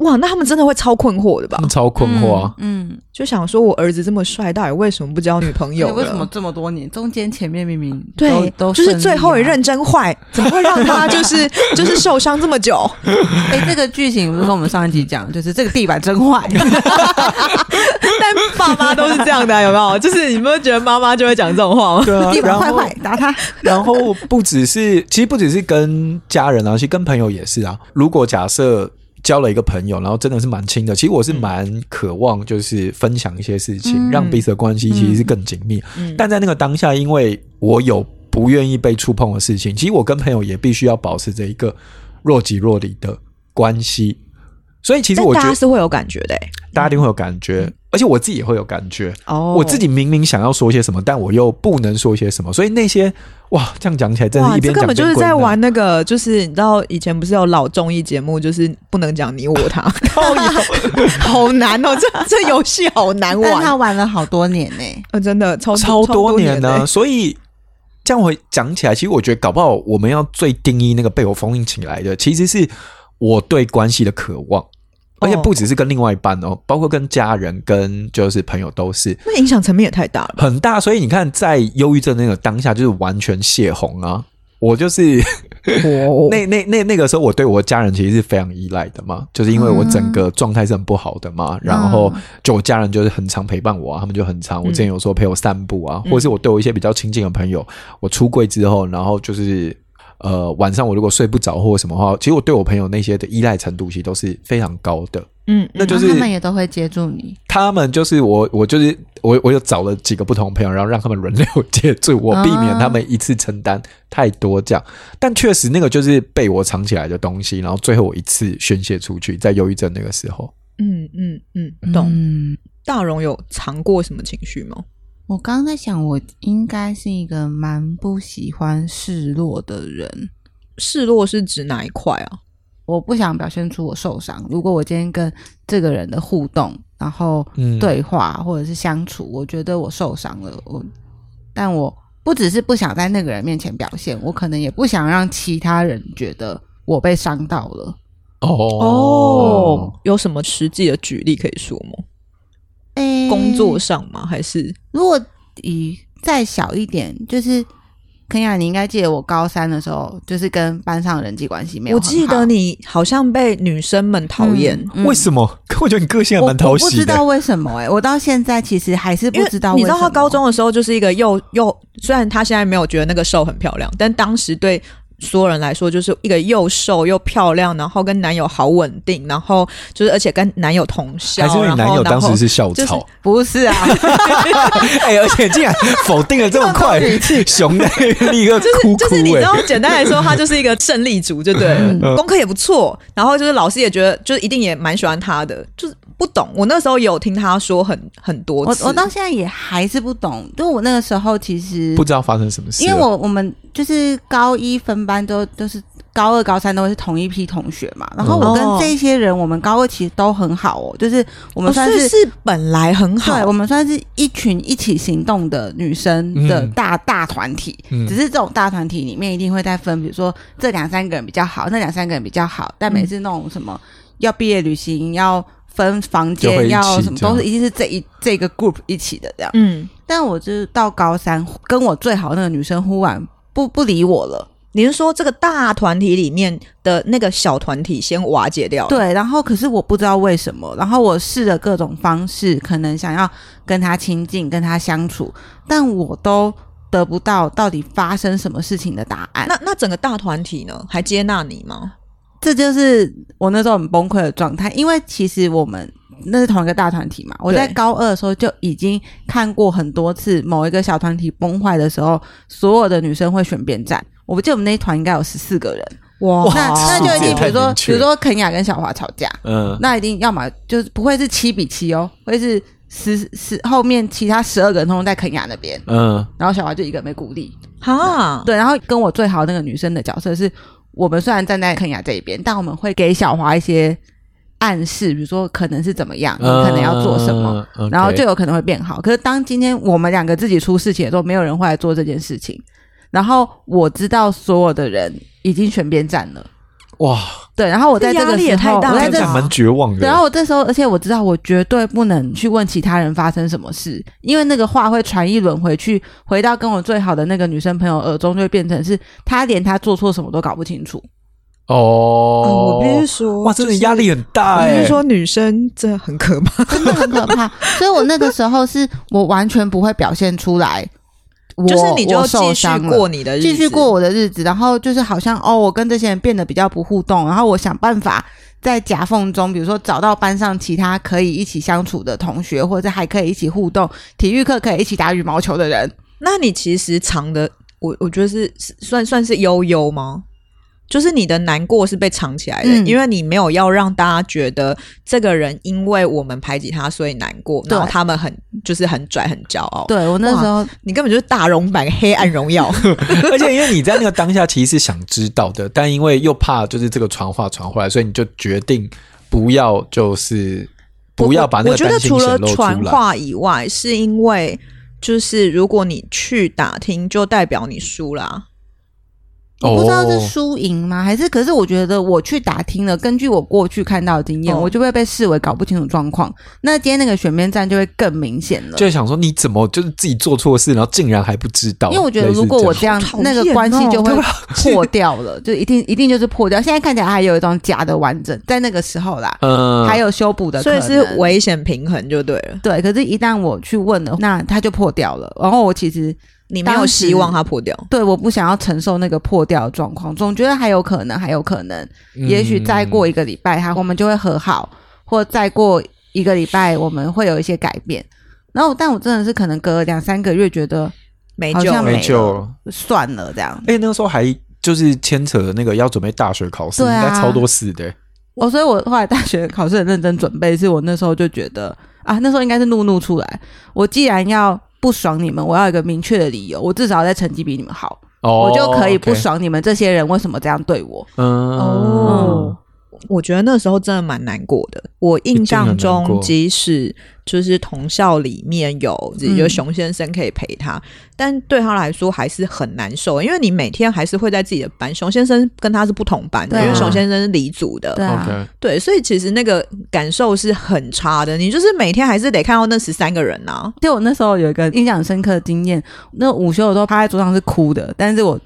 哇，那他們真的會超困惑的吧？
超困惑，啊！嗯，
就想說，我兒子這麼帥，到底為什麼不交女朋友？為什麼
這麼多年中
間，前面明明都對，都就是最後一任真壞，怎麼會讓他就是 就是受傷這麼久？
哎、欸，這個劇情不是跟我們上一集講，就是這個地板真壞，
但爸媽都是這樣的、啊，有沒有？就是你們覺得媽媽就會講這種話嗎？對啊、地板壞壞，
後打他。然後不只是，其實不只是跟家人啊，其實跟朋友也是啊。如果假設。交了一個朋友，然後真的是蠻親的。其實我是蠻渴望，就是分享一些事情，嗯、讓彼此的關係其實是更緊密。嗯嗯、但在那個當下，因為我有不願意被觸碰的事情，其實我跟朋友也必須要保持着一個若即若離的關係。所以其實我覺得大家是會
有感覺的。欸，
大家一定會有感覺，嗯、而且我自己也會有感覺。哦，我自己明明想要說些什麼，但我又不能說些什麼。所以那些哇，這樣講起來真的，是一的，一邊講，根本就是在
玩那個，就是你知道以前不是有老綜藝節目，就是不能講你我他，啊、 好難哦、喔，這這遊戲好難玩。但他玩了好多年呢、欸哦，真的超超多年呢、啊。年欸、
所以這樣我講起來，其實我覺得搞不好我們要最定義那個被我封印起來的，其實是。我對關係的渴望，而且不只是跟另外一半哦，哦包括跟家人、跟就是朋友都是。那
影響層面也太大
了，很大。所以你看，在憂鬱症那個當下，就是完全洩洪啊！我就是，哦、 那那那那個時候，我對我的家人其實是非常依賴的嘛，就是因為我整個狀態是很不好的嘛。嗯、然後就我家人就是很常陪伴我、啊，嗯、他們就很常，我之前有時候陪我散步啊，嗯、或者是我對我一些比較親近的朋友，我出櫃之後，然後就是。呃，晚上我如果睡不着或什麼的話，其實我對我朋友那些的依賴程度其實都是非常高的。嗯，
嗯那就是、啊、他們也都會接住
你。他們就是我，我就是我，我又找了幾個不同的朋友，然後讓他們輪流接住我，避免他們一次承擔太多。這樣，啊、但確實那個就是被我藏起來的東西，然後最後我一次宣泄出去，在憂鬱症那個時候。嗯
嗯嗯，嗯嗯懂。嗯、大容有藏過什麼情緒嗎？我剛剛在想，我應該
是一個蠻不喜歡示弱的人。示弱是指哪一塊啊？我不想表現出我受傷。如果我今天跟這個人的互動，然後對話或者是相處，我覺得我受傷了。我但我不只是不想在那個人面前表現，我可能也不想讓其他人覺得我被傷到
了。哦，哦，有什麼實際的舉例可以說嗎？工作上嗎？還是
如果以再小一點，就是肯亞，你應該記得我高三的時候，就是跟班上人際關係沒有。我記得
你好像被女生們討厭、
嗯，為什麼？嗯、我覺得你個性還蠻討喜，我我不知
道為什麼、欸？哎，我到現在其實還是不知道為什麼。為你知道他高中的時候就是一個又又，雖然他現在沒有覺得那個瘦很漂亮，但當時對。所有人來說就是一個又瘦又漂亮，然後跟男友好穩定，然後就是而且跟男友同校，還是因為男友當時是校草？不是啊，
哎，而且竟然否定了這麼快，熊的一個就是就是你知道，簡單來說，他就是
一個勝利組，就對了，嗯、功課也不錯，然後就是老師也覺得，就是一定也蠻喜歡他的，就是。不懂，我那時候有聽他說很很多次，我我到現在也還是不
懂，就我那個時候其實不
知道發生什麼事，因為我我
們就是高一分班都都、就是高二高三都是同一批同學嘛，然後我跟這些人，哦、我們高二其實都很好哦、喔，就是我們算是、哦、是本來很好，對我們算是一群一起行動的女生的大、嗯、大團體，嗯、只是這種大團體裡面一定會再分，比如說這兩三個人比較好，那兩三個人比較好，但每次那種什麼、嗯、要畢業旅行要，分房間要什麼都是一定是這一這個 group 一起的這樣，嗯，但我就是到高三，跟我
最好那個女生忽然不不理我了。你是說這個大團體裡面的那個小團體先瓦解掉了？對，
然後可是我不知道為什麼，然後我試了各種方式，可能想要跟她親近、跟她相處，但我都得不到到底發生什麼事情的答案。
那那整個大團體呢，還接納你嗎？
這就是我那時候很崩潰的狀態，因為其實我們那是同一個大團體嘛。對我在高二的時候就已經看過很多次某一個小團體崩壞的時候，所有的女生會選邊站。我不記得我們那一團應該有十四個人，哇！那那就一定哇比如說，比如說肯亞跟小華吵架，嗯，那一定要麼就是不會是七比七哦，會是十十後面其他十二個人通通在肯亞那邊，嗯，然後小華就一個沒鼓勵，好哈對，對，然後跟我最好那個女生的角色是。我們雖然站在肯亞這一邊，但我們會給小華一些暗示，比如說可能是怎麼樣，可能要做什麼，uh, okay. 然後就有可能會變好。可是當今天我們兩個自己出事情的時候，沒有人會來做這件事情。然後我知道所有的人已經全邊站了，哇！對，然後我在這個時候，也我在這還
蠻絕望的。然
後我這時候，而且我知道，我絕對不能去問其他人發生什麼事，因為那個話會傳一輪回去，回到跟我最好的那個女生朋友耳中，就會變成是她連她做錯什麼都搞不清楚。
哦，哦，我別說，哇，就是，這壓力很大，我別說，
女生真的很可怕，真
的很可怕。所以我那個時候是我完全不會表現出來。我就是你就繼續過你的日子，繼續過我的日子，然後就是好像哦，我跟這些人變得比較不互動，然後我想辦法在夾縫中，比如說找到班上其他可以一起相處
的同學，或者還可以一起互動，體育課可以一起打羽毛球的人。那你其實藏的，我我覺得是算算是悠悠嗎？就是你的難過是被藏起來的，嗯、因為你沒有要讓大家覺得這個人因為我們排擠他所以難過，對然後他們很就是很拽很驕傲。對，我那時候你根本就是大容版黑暗榮耀，
而且因為你在那個當下其實是想知道的， 但因為又怕就是這個傳話傳回來，所以你就決定不要就是不要把那個來，不不我覺得除了傳話以
外，是因為就是如果你去打聽，就代表你輸了啊。我不知道是輸
贏嗎？Oh, 還是可是我覺得我去打聽了，根據我過去看到的經驗，oh. 我就會被視為搞不清楚狀況。那今天那個選邊站就會更明顯了，就
想說你怎麼就是自己做錯事，然後竟然還不知道？因為我覺得如果我這樣，這樣喔、那個關係就會
破掉了， 就一定一定就是破掉。現在看起來還有一種假的完整，在那個時候啦，嗯、還有修補的可能，所以是危險平衡就對了。對，可是，一旦我去問了，那他就破掉了。然後我其實。你沒有希望它破掉，對，我不想要承受那個破掉的狀況，總覺得還有可能，還有可能，也許再過一個禮拜，哈，我們就會和好，或再過一個禮拜，我們會有一些改變。然後，但我真的是可能隔兩三個月，覺得沒救，哦，沒救
了，算了，這樣。哎、欸，那個時候還就是牽扯那個要準備大學考試，對啊，應該超多事的。
我、哦、所以，我後來大學考試很認真準備，是我那時候就覺得啊，那時候應該是怒怒出來，我既然要。不爽你們，我要一個明確的理由。我至少在成績比你們好，oh, 我就可以不爽你們這些人，為什麼這樣對我？
嗯哦。
我覺得那時候真的蠻難過的。我印象中，即使就是同校裡面有，有熊先生可以陪他，嗯、但對他來說還是很難受，因為你每天還是會在自己的班。熊先生跟他是不同班的，因為、啊、熊先生是理組的。對，啊、對，所以其實那個感受是很差的。你就是每天還是得看到那十三個人吶、
啊。就我那時候有一個印象深刻的經驗，那個、午休的時候趴在桌上是哭的，但是我，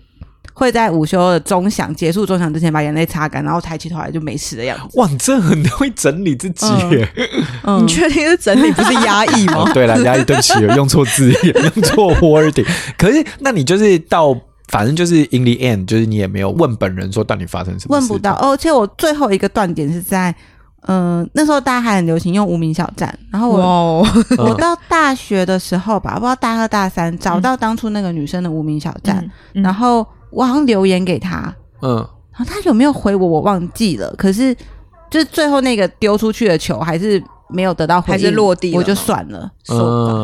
會在午休的鐘響結束鐘響之前把眼淚擦乾，然後抬起頭來就沒事的樣子。
哇，你這很會整理自己耶。嗯嗯、你
確定是整
理不是壓抑嗎？ 哦、對了，壓抑對不起，用
錯字眼，用錯 wording。 可是，那你就是到反正就是 in the end，就是你也沒有問本人說到底發生什麼事，啊。問不
到，而、
哦、且我最後一個斷點是在嗯、呃、那時候大家還很流行用無名小站，然後我哇、哦、我到大學的時候吧，不知道大二大三找到當初那個女生的無名小站，嗯嗯、然後。我好像留言給他，嗯，
然
後、啊、他有沒有回我？我忘記了。可是，就是最後那個丟出去的球，還是沒有得到回，還是落地我、嗯，我就算
了。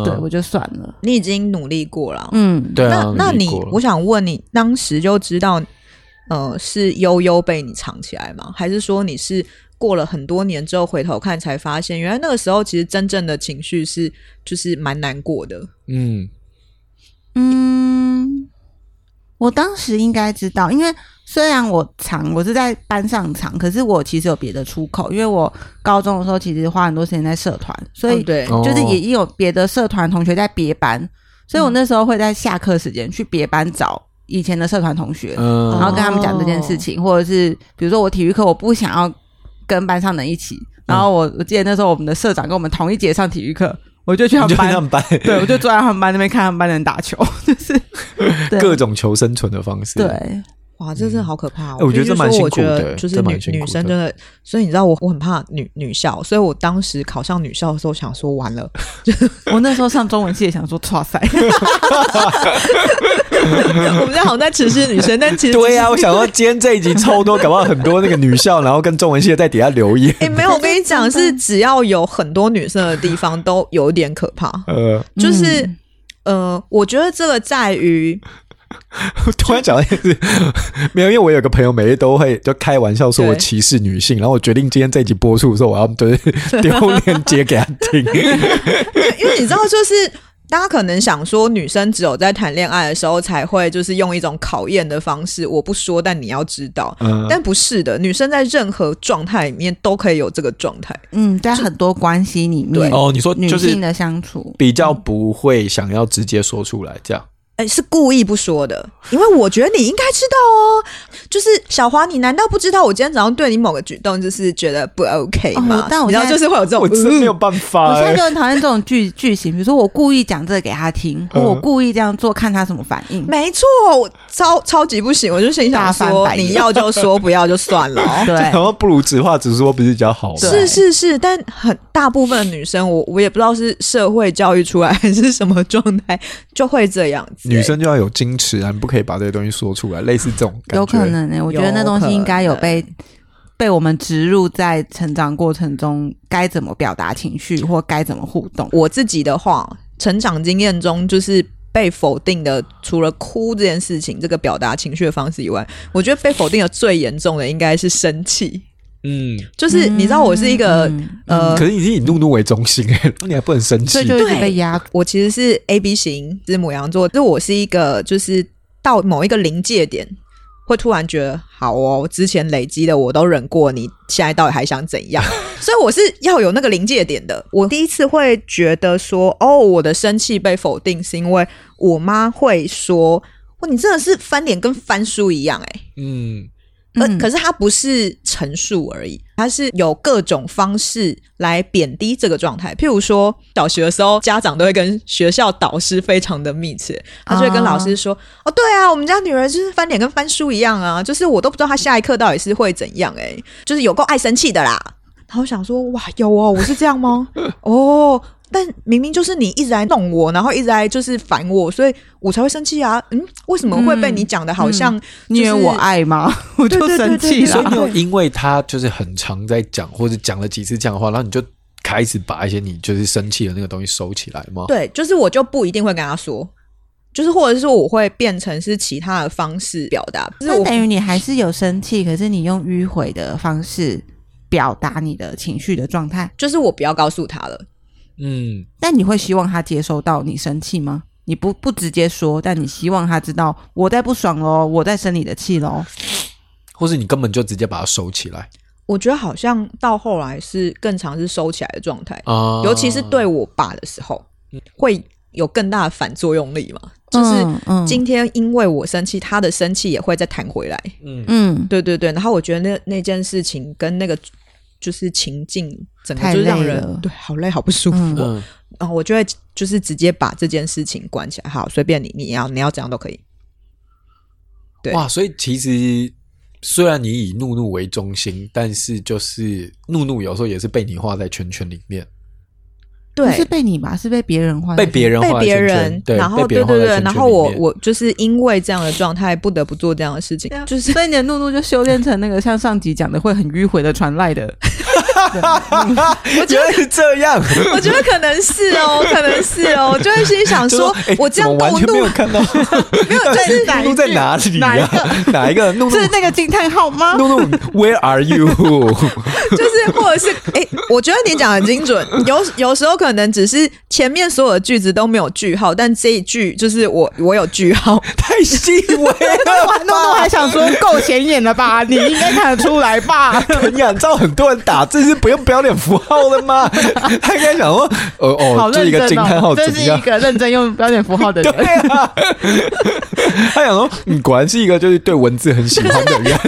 對，我就算了。你已經努力過了，嗯，對、啊。那那你，我想問你，當時就知道，呃，是悠悠被你藏起來嗎？還是說你是過了很多年之後回頭看，才發現原來那個時候其實真正的情緒是，就是蠻難過的。嗯
嗯。也嗯我當時應該知道，因為雖然我藏，我是在班上藏，可是我其實有別的出口，因為我高中的時候其實花很多時間在社團，所以對，就是也有別的社團同學在別班，所以我那時候會在下課時間去別班找以前的社團同學，然後跟他們講這件事情，或者是比如說我體育課我不想要跟班上人一起，然後我我記得那時候我們的社長跟我們同一節上體育課。
我就去他們班，對，我就
坐在他們班那邊看他們班的人打球，就
是各種求生存的方式。對。
哇，這真的好可怕哦！嗯、我覺得這蠻辛苦的。這就是女女生真的，所以你知道我我很怕女女校，所以我當時考上女校的時候想說
完了，
我那時候上中文系也想說，哇塞！
我們家
好像在歧視女生，但其實對啊，我想說
今天這一集超多， 搞不好很多那個女校，然後跟中文系的在底下留言。
哎、欸，沒有，我跟你講，是只要有很多女生的地方都有點可怕。呃，就是、嗯、呃，我覺得這個在於。
突然想到一件事沒有，因為我有個朋友，每日都會就開玩笑說我歧視女性。然後我決定今天這一集播出的時候，我要就是丟鏈接給他聽。
因為你知道，就是大家可能想說，女生只有在談戀愛的時候才會就是用一種考驗的方式。我不說，但你要知道，嗯、但不是的，女生在任何狀態裡面都可以有這個狀態。嗯，在很多關係裡面，對哦，你說女性的相處
比較不會想要直接說出來，這樣。
是故意不說的，因為我覺得你應該知道哦。就是小華，你難道不知道我今天早上對你某個舉動就是覺得不 OK 嗎？哦、但我知道就是會有這種，嗯、我真的沒有
辦法、欸。我現在就很討
厭這種劇劇情，比如說我故意講這個給他聽，或我故意這樣做看他什麼反應。呃、
沒錯，我超超級不行，我就心想說，你要就說，不要就算了，對，然後
不如直話直說不是比較好？對是
是是，但很大部分的女生，我我也不知道是社會教育出來還是什麼狀態，就會這樣
子。女生就要有矜持啊，不可以把這些東西說出來，類似這種感
覺。有可能呢、欸，我覺得那東西應該有被有可能被我們植入在成長過程中，該怎麼表達情緒或該怎麼互動。我自己的話，成長經驗中就是被否定的，除了哭這件事情，這個表達情緒的方式以外，我覺得被否定的最嚴重的應該是生氣。
嗯，就是你知道我是一
個、嗯、呃、嗯，可是
你是以怒怒為中心哎，欸，你還不能生氣，所以就被
壓，對，我其實是 A B 型，是牡羊座，就是，我是一個，就是到某一個臨界點，會突然覺得好哦，之前累積的我都忍過，你現在到底還想怎樣？ 所以我是要有那個臨界點的。我第一次會覺得說，哦，我的生氣被否定，是因為我媽會說，哇，你真的是翻臉跟翻書一樣哎，欸，嗯。可、嗯、可是他不是陳述而已，他是有各種方式來貶低這個狀態。譬如說小學的時候，家長都會跟學校導師非常的密切，他就會跟老師說：“啊、哦，對啊，我們家女兒就是翻臉跟翻書一樣啊，就是我都不知道他下一刻到底是會怎樣、欸。”誒，就是有夠愛生氣的啦。然後想說：“哇，有哦，我是這樣嗎？” 哦。但明明就是你一直在弄我，然後一直在就是煩我，所以我才會生氣啊！嗯，為什麼會被你講的，好像、就是嗯嗯、你因為我愛嗎？ 我就生氣了。所以你
因為他就是很常在講，或者講了幾次這樣的話，然後你就開始把一些你就是生氣的那個東西收起來嗎？對，
就是我就不一定會跟他說，就是或者是說我會變成是其他的方式表達。就是我但等於你還是有生氣，可是你用迂迴的
方式表達你的情緒的狀態。就是我不要告訴他了。嗯，但你會希望他接收到你生氣嗎？你不不直接說，但你希望他知
道我在不爽咯，我在生你的氣嘍，
或是你根本就直接把它收起來。
我覺得好像到後來是更常是收起來的狀態，哦，尤其是對我爸的時候，嗯，會有更大的反作用力嘛，就是今天因為我生氣，嗯嗯，他的生氣也會再彈回來。嗯嗯，對對對。然後我覺得那那件事情跟那個。就是情境整個就讓人對好累好不舒服，哦，然、嗯、我就會就是直接把這件事情關起來。好，隨便你，你要你要怎樣，都可以。
對，哇，所以其實雖然你以怒怒為中心，但是就是怒怒有時候也是被你畫在圈圈裡面。不是
被你吧，是被別人換。被別人換，別人。然後對對對，然後我我就是因為這樣的狀態，不得不做這樣的事情。就是所以，你的怒怒就修煉成那個像上集講的
會很迂迴的傳賴的。
我覺得是這樣，我覺得可
能是哦，可能是哦。就是心
想說，我這樣完全
沒有就是。在哪裡哪一個哪一個怒怒是
那個驚嘆號嗎？怒怒
where are you？
就是或者是哎，我覺得你講的很精準。有有時候可能。可能只是前面所有的句子都沒有句號，但這一句就是我我有句號，太
細微了。 我弄弄還想說夠顯
眼了吧？
你應該看得出來吧？很眼造很多人打字是不用標點符號了嗎？他應該想說，哦哦，這是、哦、一個驚嘆號，這是一個認真用標點符號的人。對啊、他想說，你、嗯、果然是一個就是對文字很喜歡的人。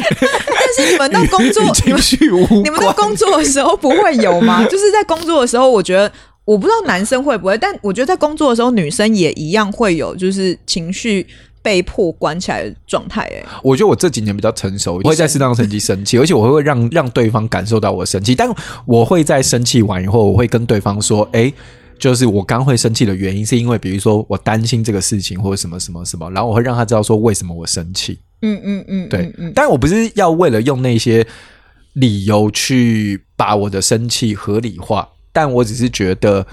但是你們在工作，情緒你們你們在工作的時候不會有嗎？就是在工作的時候，我覺得。我不知道男生會不會，但我覺得在工作的時候，女生也一樣會有就是情緒被迫關起來的狀態、欸。哎，
我覺得我這幾年比較成熟，我會在適當的時機生氣， 而且我會讓讓對方感受到我生氣，但我會在生氣完以後，我會跟對方說，哎、欸，就是我剛會生氣的原因，是因為比如說我擔心這個事情或者什麼什麼什麼，然後我會讓他知道說為什麼我生氣。嗯嗯嗯，對。嗯。嗯對嗯，但我不是要為了用那些理由去把我的生氣合理化。但我只是覺得，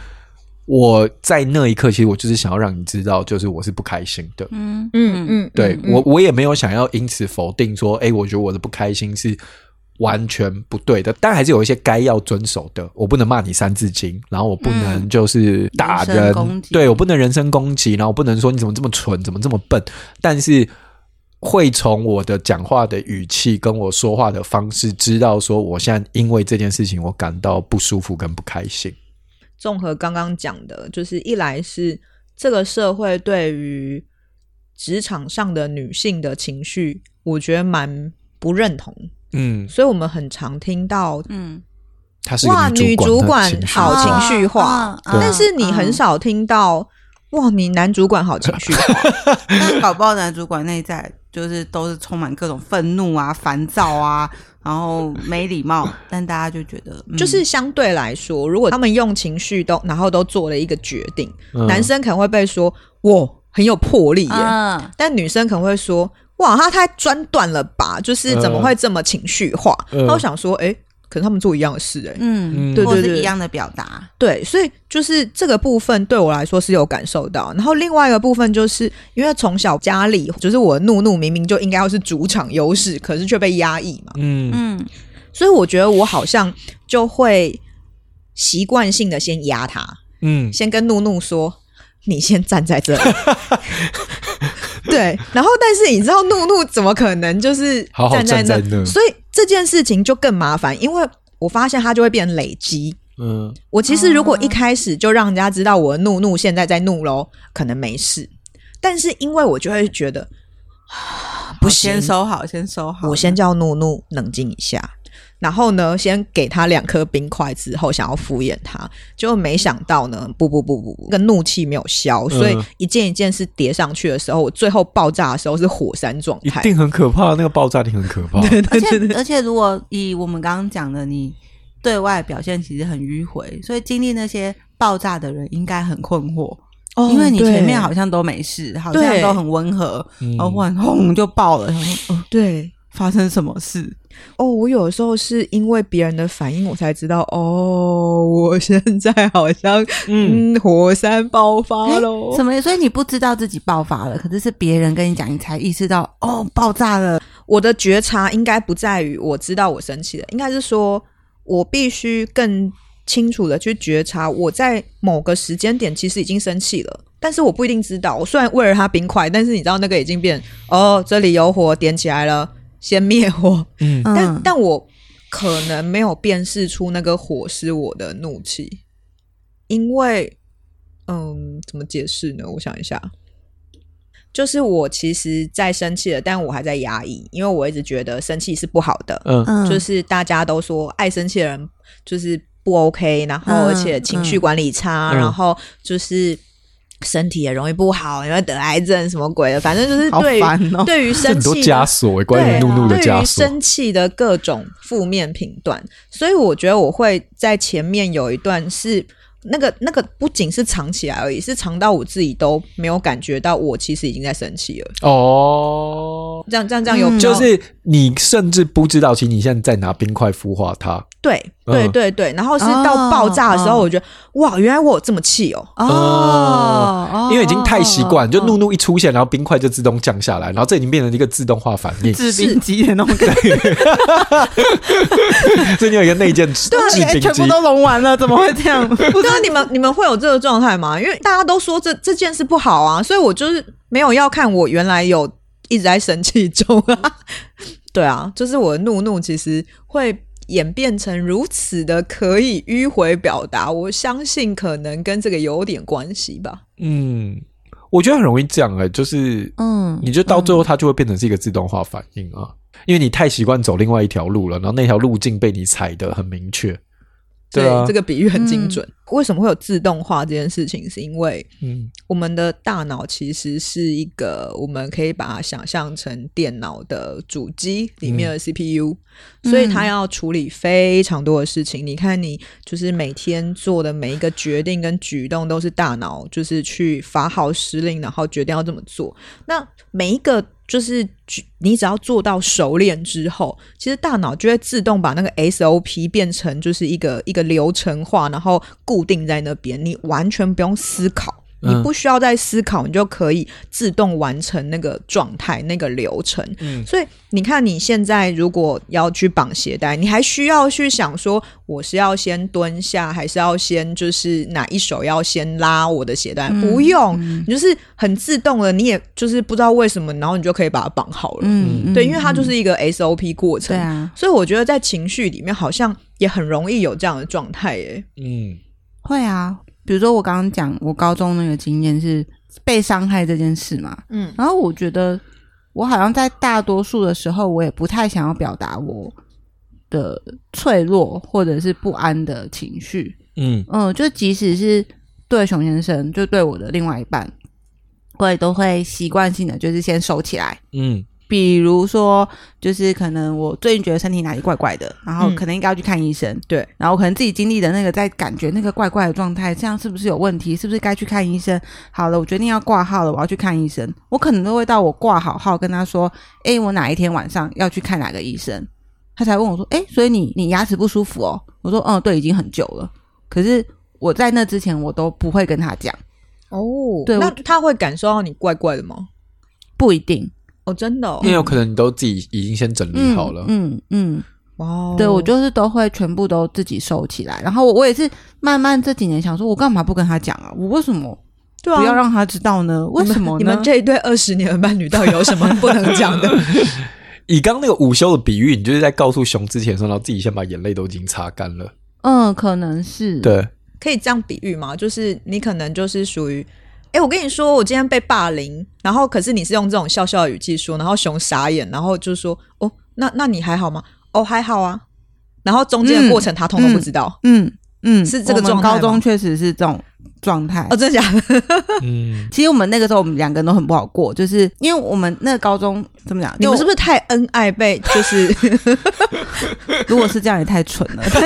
我在那一刻，其實我就是想要讓你知道，就是我是不開心的嗯。
嗯嗯嗯，對嗯嗯，我
我也沒有想要因此否定說，哎、欸，我覺得我的不開心是完全不對的。但還是有一些該要遵守的，我不能罵你三字經，然後我不能就是打人，嗯、人身攻擊對，我不能人身攻擊，然後我不能說你怎麼這麼蠢，怎麼這麼笨。但是。會從我的講話的語氣跟我說話的方式，知道說我現在因為這件事情我感到不舒服跟不開心。
綜合剛剛講的，就是一來是這個社會對於職場上的女性的情緒，我覺得蠻不認同。嗯，所以我們很常聽到，嗯，他是，哇女主管，好情緒化，但是你很少聽到，哦，哇你男主管好情緒
化， 那搞不好男主管內在。就是都是充滿各種憤怒啊、煩躁啊，然後
沒禮貌，但大家就覺得，嗯、就是相對來說，如果他們用情緒都，然後都做了一個決定，嗯、男生可能會被說哇很有魄力耶！嗯，但女生可能會說哇他太專斷了吧，就是怎麼會這麼情緒化？嗯、他會想說，誒、欸可是他們做一樣的事，欸，哎，嗯，對對對，或是一樣的表達，對，所以就是這個部分對我來說是有感受到。然後另外一個部分就是因為從小家裡就是我怒怒明明就應該要是主場優勢，可是卻被壓抑
嘛，嗯嗯，
所以我覺得我好像就會習慣性的先壓他，嗯，先跟怒怒說。你先站在這裡， 對，然後但是你知道怒怒怎麼可能就是站在那？好好站在那。所以這件事情就更麻煩，因為我發現它就會變成累積。嗯，我其實如果一開始就讓人家知道我的怒怒現在在怒咯，可能沒事。但是因為我就會覺得不行，先收好，先收好。我先叫怒怒冷靜一下。然後呢，先給他兩顆冰塊，之後想要敷衍他，結果沒想到呢，不不不不，跟、那個、怒氣沒有消，所以一件一件是疊上去的時候，我最後爆炸的時候是火山狀
態，一定很可怕，那個爆炸力很可怕的 而。
而且而且，如果以我們剛剛講的你，你對外表現其實很迂回，所以經歷那些爆炸的人應該很困惑，哦、因為你前面好像都沒事，對好像都很溫和，嗯、然後忽然轟就爆了，嗯、然後對。發生什麼事？
哦，我有時候是因為別人的反應，我才知道哦，我現在好像嗯，嗯火山爆發嘍。什麼？所以你不知道自己爆發了，可是是別人跟你講，你才意識到哦，爆炸了。我的覺察應該不在於我知道我生氣了，應該是說我必須更清楚的去覺察我在某個時間點其實已經生氣了，但是我不一定知道。我雖然餵了他冰塊，但是你知道那個已經變哦，這裡有火點起來了。先滅火，嗯，但但我可能沒有辨識出那個火是我的怒氣，因為，嗯，怎麼解釋呢？我想一下，就是我其實在生氣了，但我還在壓抑，因為我一直覺得生氣是不好的，嗯，就是大家都說愛生氣的人就是不 OK，然後而且情緒管理差，嗯嗯，然後就是。身體也容易不好，你會得癌症什麼鬼的？反正就是對於、好煩喔、對於生氣很多枷鎖、欸，關於怒怒的枷鎖、啊，對於生氣的各種負面評斷。啊、所以我覺得我會在前面有一段是那個那個，那個、不僅是藏起來而已，是藏到我自己都沒有感覺到，我其實已經在生氣了。
哦這，這
樣這樣這樣有、嗯，就是、嗯、
你甚至不知道，其實你現在在拿冰塊孵化它。
對。對對對，然後是到爆炸的時候，我覺得哇，原來我有這麼
氣哦！哦，因為已經太習慣，就怒怒一出現，然後冰塊就自動降下來，然後這已經變成一個自動化反應，製
冰機的那種感覺。
這你有一個內建制製冰機，全部都
融完了，怎麼會這樣？對啊，你們你們會有這個狀態嗎？因為大家都說這這件事不好啊，所以我就是沒有要看我原來有一直在生氣中啊。對啊，就是我怒怒其實會。演變成如此的可以迂迴表達，我相信可能跟這個有點關係吧。嗯，
我覺得很容易這樣哎、欸，就是嗯，你就到最後它就會變成是一個自動化反應啊，嗯、因為你太習慣走另外一條路了，然後那條路徑被你踩得很明確。對，這個比喻很精準。
啊嗯、為什麼會有自動化這件事情？是因為我們的大腦其實是一個，我們可以把它想象成電腦的主機裡面的 CPU，、嗯、所以它要處理非常多的事情。嗯、你看，你就是每天做的每一個決定跟舉動，都是大腦就是去發號施令，然後決定要這麼做。那每一個。就是，你只要做到熟練之後，其實大腦就會自動把那個 SOP 變成就是一個一個流程化，然後固定在那邊，你完全不用思考。你不需要再思考，你就可以自動完成那個狀態、那個流程。嗯，所以你看，你現在如果要去綁鞋帶，你還需要去想說我是要先蹲下，還是要先就是哪一手要先拉我的鞋帶？不、嗯、用，嗯、你就是很自動的，你也就是不知道為什麼，然後你就可以把它綁好了。嗯，對，因為它就是一個 SOP 過程。嗯嗯嗯，對啊、所以我覺得在情緒裡面好像也很容易有這樣的狀態、欸，哎，嗯，
會啊。
比如說，我
剛剛講我高中那個經驗是被傷害這件事嘛，嗯，然後我覺得我好像在大多數的時候，我也不太想要表達我的脆弱或者是不安的情緒，嗯嗯，就即使是對熊先生，就對我的另外一半，我也都會習慣性的就是先收起來，嗯。比如說，就是可能我最近覺得身體哪裡怪怪的，然後可能應該要去看醫生。嗯、對，然後可能自己經歷的那個在感覺那個怪怪的狀態，這樣是不是有問題？是不是該去看醫生？好了，我決定要掛號了，我要去看醫生。我可能都會到我掛好號，跟他說：“誒，我哪一天晚上要去看哪個醫生？”他才問我說：“誒，所以你你牙齒不舒服哦？”我說：“嗯，對，已經很久了。”可是我在那之前我都不
會跟他講。哦，對，那他會感受到你怪怪的嗎？不一定。哦、真的、哦，因為有
可能你都自己已經先整理好了。嗯嗯，哇、嗯，嗯、
Wow 對我
就是都會全部都自己收起來，然後我,我也是慢慢這幾年想說，我幹嘛不跟他講啊？我為什麼不要讓他知道呢？對啊、為什麼呢？我們、你們這
一對二十年的伴侶，到底有
什麼不能講的？ 以剛剛那個午休的比喻，你就是在告訴熊之前，說然後自己先把眼淚都已經擦乾
了。嗯，可能是對，可以這樣比喻嗎？就是你可能就是屬於。哎、欸，我跟你說，我今天被霸凌，然後可是你是用這種笑笑的語氣說，然後熊傻眼，然後就說，哦，那那你還好嗎？哦，還好啊。然後中間的過程他通通不知道。嗯
嗯，嗯嗯嗯是這個狀態。高中確實是這種。狀態哦，真的假的？嗯，其實我們那個時候，我們兩個人都很不好過，就是因為我們那高中怎麼講？你們是不是太恩愛，被就是？如果是這
樣，也太蠢
了。但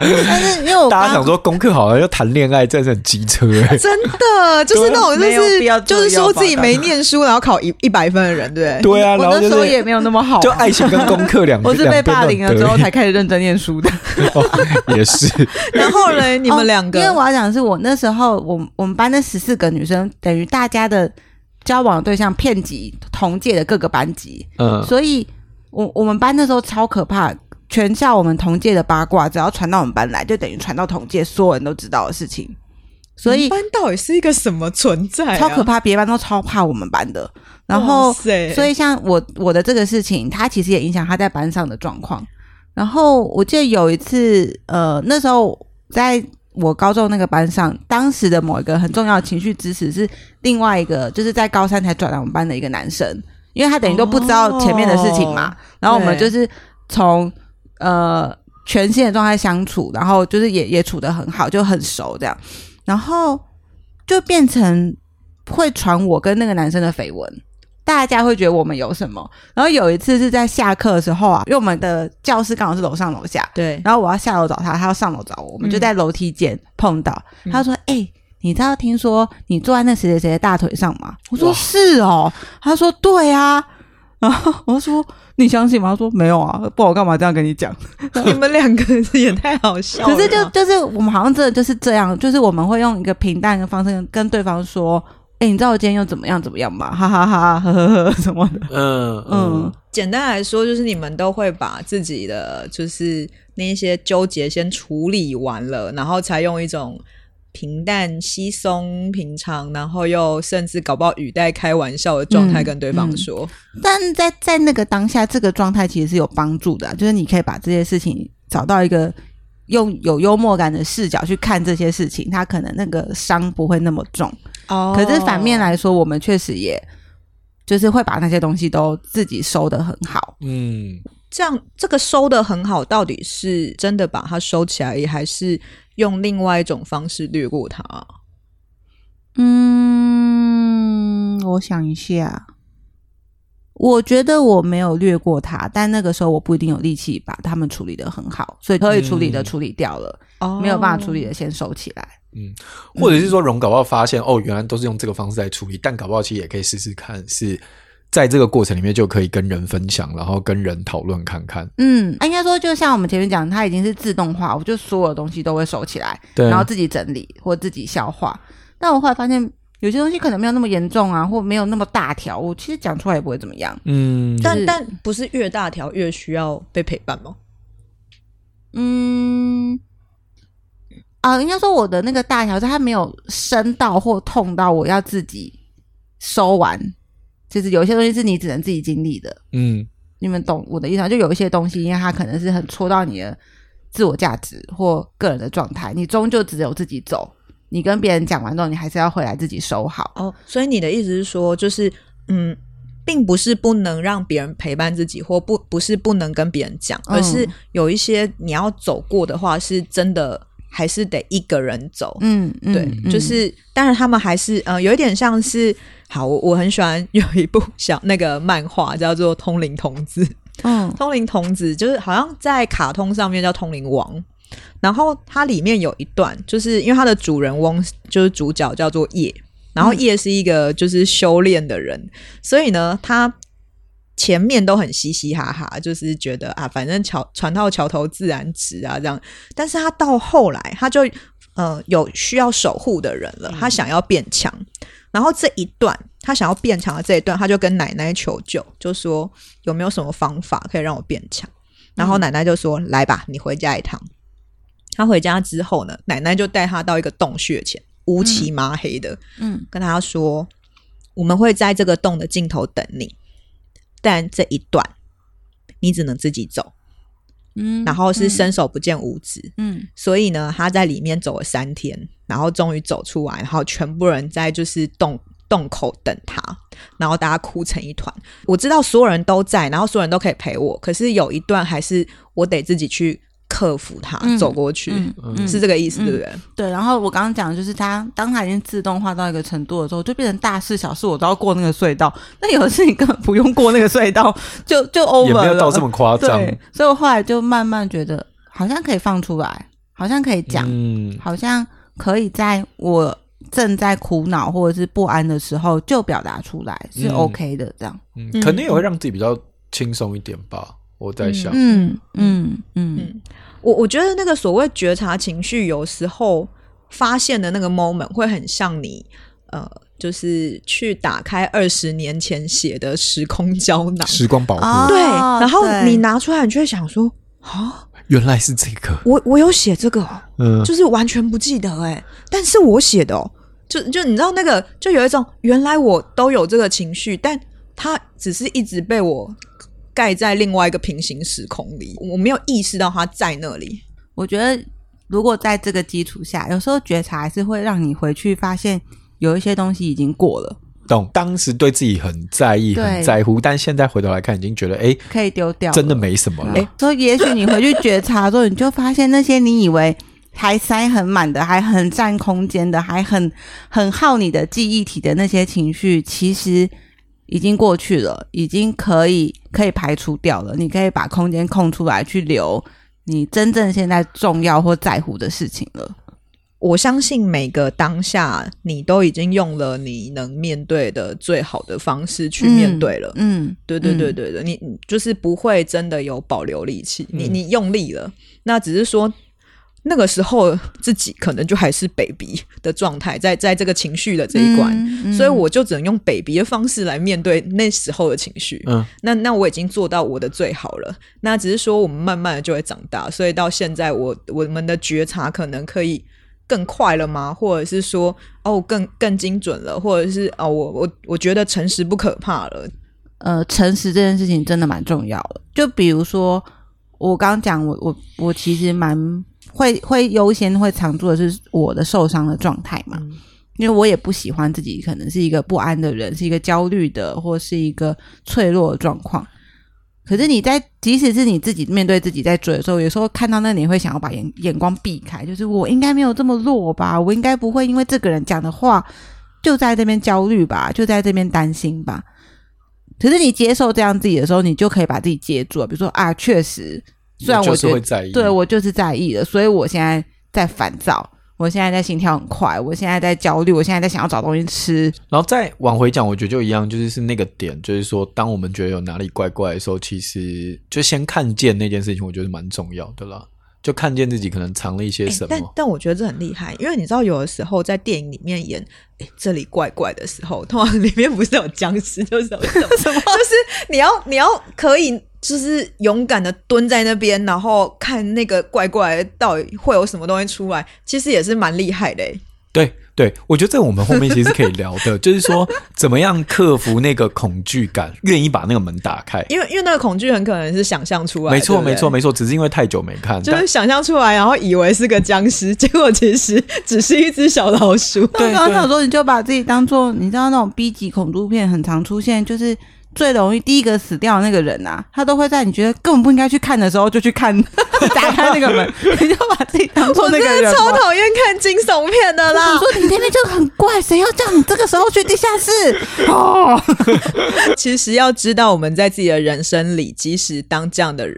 是，但是，因為大家想說，功課好了又談戀愛，真的很機車。真
的，就是那種就是就是說自己沒念書，然後考一一百分的人，對不對？對啊，我那時候也沒有那麼好，就愛情跟功課兩個。我是被霸凌了之後才開始認真念書的。
也是。
然後嘞，你們兩個，因為我還想可是
我那時候，我我們班的十四個女生，等於大家的交往的對象遍及同屆的各個班級，嗯，所以我我們班那時候超可怕，全校我們同屆的八卦，只要傳到我們班來，就等於傳到同屆所有人都知道的事情。所以班到底是一個什麼存在啊？超可怕，別班都超怕我們班的。然後，oh, say. 所以像我我的這個事情，他其實也影響他在班上的狀況。然後我記得有一次，呃，那時候在。我高中那個班上，當時的某一個很重要的情緒支持是另外一個，就是在高三才轉來我們班的一個男生，因為他等於都不知道前面的事情嘛。Oh, 然後我們就是從對呃全新的狀態相處，然後就是也也處得很好，就很熟這樣。然後就變成會傳我跟那個男生的緋聞。大家會覺得我們有什麼？然後有一次是在下課的時候啊，因為我們的教室剛好是樓上樓下，對。然後我要下樓找他，他要上樓找我，我們就在樓梯間碰到。嗯、他說：“哎、欸，你知道聽說你坐在那誰誰誰的大腿上嗎？”我說：“哇是哦。”他說：“對啊。”然後我說：“你相信嗎？”他說：“沒有啊，不然我幹嘛這樣跟你講？
你們兩個人也太好笑了。” 可是
就就是我們好像真的就是這樣，就是我們會用一個平淡的方式跟對方說。哎、欸，你知道我今天又怎麼樣怎麼樣嗎？哈，哈哈哈，呵呵呵，什麼的？嗯嗯，嗯，
簡單來說，就是你們都會把自己的就是那些糾結先處理完了，然後才用一種平淡、稀鬆、平常，然後又甚至搞不好語帶開玩笑的狀態跟對方說。嗯嗯、
但在在那個當下，這個狀態其實是有幫助的、啊，就是你可以把這些事情找到一個用有幽默感的視角去看這些事情，他可能那個傷不會那麼重。哦，可是反面來說，哦、我們確實也，就是會把那些東西都自己收得很好。
嗯，這樣這個收得很好，到底是真的把它收起來，還是用另外一種方式略過它？嗯，
我想一下。我覺得我沒有略過他，但那個時候我不一定有力氣把他們處理得很好，所以可以處理的處理掉了，嗯、沒有辦法處理的先收起來。
嗯，或者是說，容搞不好發現哦，原來都是用這個方式來處理，但搞不好其實也可以試試看，是在這個過程裡面就可以跟人分享，然後跟人討論看看。
嗯，啊、應該說就像我們前面講，它已經是自動化，我就所有的東西都會收起來，對然後自己整理或自己消化。但我後來發現。有些東西可能沒有那麼嚴重啊，或沒有那麼大條，我其
實講出來也不會怎麼樣。
嗯，就是、
但
但不是越大條越需要被陪伴嗎？嗯，
啊，應該說我的那個大條是它沒有深到或痛到我要自己收完，就是有些東西是你只能自己經歷的。
嗯，
你們懂我的意思嗎？就有一些東西，因為它可能是很戳到你的自我價值或個人的狀態，你終究只有自己走。
你跟別人講完之後，你還是要
回來自己收好。哦，所
以你的意思是說，就是嗯，並不是不能讓別人陪伴自己，或不不是不能跟別人講，嗯、而是有一些你要走過的話，是真的還是得一個人走。嗯，對，嗯、就是當然他們還是嗯，有一點像是好，我我很喜歡有一部小那個漫畫叫做《通靈童子》。嗯，《通靈童子》就是好像在卡通上面叫《通靈王》。然後它裡面有一段，就是因為它的主人翁就是主角叫做葉，然後葉是一個就是修煉的人，所以呢，他前面都很嘻嘻哈哈，就是覺得啊，反正橋船到橋頭自然直啊這樣。但是他到後來，他就呃有需要守護的人了，他想要變強。然後這一段他想要變強的這一段，他就跟奶奶求救，就說有沒有什麼方法可以讓我變強？然後奶奶就說，來吧，你回家一趟。他回家之後呢，奶奶就帶他到一個洞穴前，烏漆麻黑的，嗯，嗯跟他說：“我們會在這個洞的盡頭等你，但這一段你只能自己走。”嗯，然後是伸手不見五指，嗯，嗯嗯所以呢，他在裡面走了三天，然後終於走出來，然後全部人在就是洞洞口等他，然後大家哭成一團。我知道所有人都在，然後所有人都可以陪我，可是有一段還是我得自己去。克服它，走過去是這個意思，對不對？
對。然後我剛剛講的就是，它、當它已經自動化到一個程度的時候，就變成大事小事，我都要過那個隧道。那有的事情你根本不用過那個隧道，就就 over。也沒有到這麼誇張。所以，我後來就慢慢覺得，好像可以放出來，好像可以講，好像可以在我正在苦惱或者是不安的時候，就表達出來是 OK 的。
這樣，嗯，肯定也會讓自己比較輕鬆一點吧。我在想嗯，
嗯嗯嗯嗯，嗯我我覺得那個所謂覺察情緒，有時候發現的那個 moment 會很像你，呃，就是去打開二十年前寫的時空膠囊， 時光寶盒，哦、對。然後你拿出來，你就會想說啊，對
蛤原來是這個，
我我有寫這個，
嗯，就
是完全不記得哎、欸，嗯、但是我寫的、喔，就就你知道那個，就有一種原來我都有這個情緒，但它只是一直被我。蓋在另外一個平行時空裡，我沒有意識到他在那裡。我覺得，如果在這個基礎下，有時候覺察還是會
讓你回去發現
有一些東西已經過了。懂，當時對自己很在意、對很在乎，但現在回頭來看，已經覺得哎，誒
可以丟掉，真的
沒什麼了。誒
所以，也許你回去覺察的時候， 你就發現那些你以為還塞很滿的、還很占空間的、還很很耗你的記憶體的那些情緒，其實。已經過去了，已經可以可以排除掉了。你可以把空間空出來，去留
你真正現在重要或在乎的事情了。我相信每個當下，你都已經用了你能面對的最好的方式去面對了。嗯，嗯，對對對對對，嗯，你就是不會真的有保留力氣，嗯，你你用力了，那只是說。那個時候自己可能就還是 baby 的狀態，在在這個情緒的這一關，嗯嗯、所以我就只能用 baby 的方式來面對那時候的情緒。嗯，那那我已經做到我的最好了。那只是說我們慢慢的就會長大，所以到現在我我們的覺察可能可以更快了嗎？或者是說哦，更更精準了，或者是哦，我我我覺得誠實不可怕了。呃，誠實這件事情真的蠻重要的。就比如說我剛講，
我我我，我其實蠻。會會優先會常做的是我的受傷的狀態嘛？因為我也不喜歡自己可能是一個不安的人，是一個焦慮的，或是一個脆弱的狀況。可是你在即使是你自己面對自己在追的時候，有時候看到那裡你會想要把眼眼光避開，就是我應該沒有這麼弱吧，我應該不會因為這個人講的話就在這邊焦慮吧，就在這邊擔心吧。可是你接受這樣自己的時候，你就可以把自己接住了。比如說啊，確實。雖然我是會在意，對，我就是在意的。所以我現在在煩躁，我現在在心跳很快，我現在在焦慮，我現在在想要找東
西吃。然後再往回講，我覺得就一樣，就是是那個點，就是說，當我們覺得有哪裡怪怪的時候，其實就先看見那件事情，我覺得蠻重要的啦。就看見自己可能藏了一些什麼。欸、但
但我覺得這很厲害，因為你知道，有的時候在電影裡面演，欸，這裡怪怪的時候，通常裡面不是有僵屍，就是有什麼， 就是你要你要可以。就是勇敢的蹲在那邊，然後看那個怪怪到底會有什麼東西出來，其實也是蠻厲害的、欸。
對對，我覺得在我們後面其實可以聊的， 就是說怎麼樣克服那個恐懼感，願 意把那個門打開。因
為因為那個恐懼很可能是想象出來。沒錯錯沒錯沒
錯，只是因為太久沒看，就是
想象出來，但然後以為是個僵屍，結果其實只是一隻小老鼠。對，對，對，剛剛想
說你就把自己當做，你知道那種 B 級恐怖片很常出現，就是。最容易第一個死掉的那個人啊，他都會在你覺得根本不應該去看的時候就去看， 打開那個門，
你就把自己當做那個人。我真的超討厭看驚悚片的啦！你 說你天天就很怪，誰要叫你這個時候去地下室？哦，Oh! 其實要知道，我們在自己的人生裡，即使當這樣的人。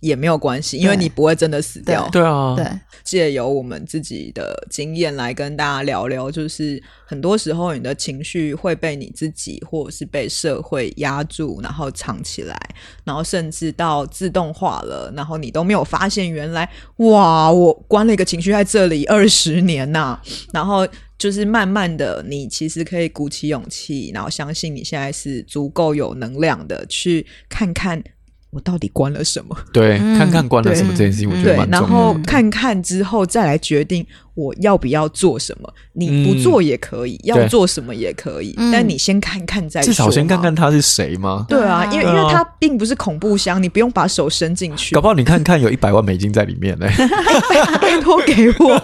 也沒有關係，因為你不會真的死掉。對啊，對，借由我們自己的經驗來跟大家聊聊，就是很多時候你的情緒會被你自己或者是被社會壓住，然後藏起來，然後甚至到自動化了，然後你都沒有發現原來哇，我關了一個情緒在這裡二十年吶啊。然後就是慢慢的，你其實可以鼓起勇氣，然後相信你現在是足夠有能量的，去看看。我到底關了什麼？
對，嗯、看看關了什麼這件事情，我覺得蠻重要。然後
看看之後再來決定我要不要做什麼。你不做也可以，嗯、要做什麼也可以，但你先看看再說。至少、嗯嗯、先
看看他是誰嗎？對啊，因為、啊、因為他
並不是恐怖箱，你不用把手伸進去。搞
不好你看看有一百萬美金在裡面呢、欸
欸。拜託給我，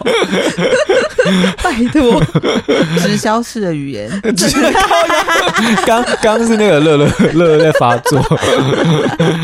拜託，
直銷式的語言。
剛剛是那個樂樂樂樂在發作。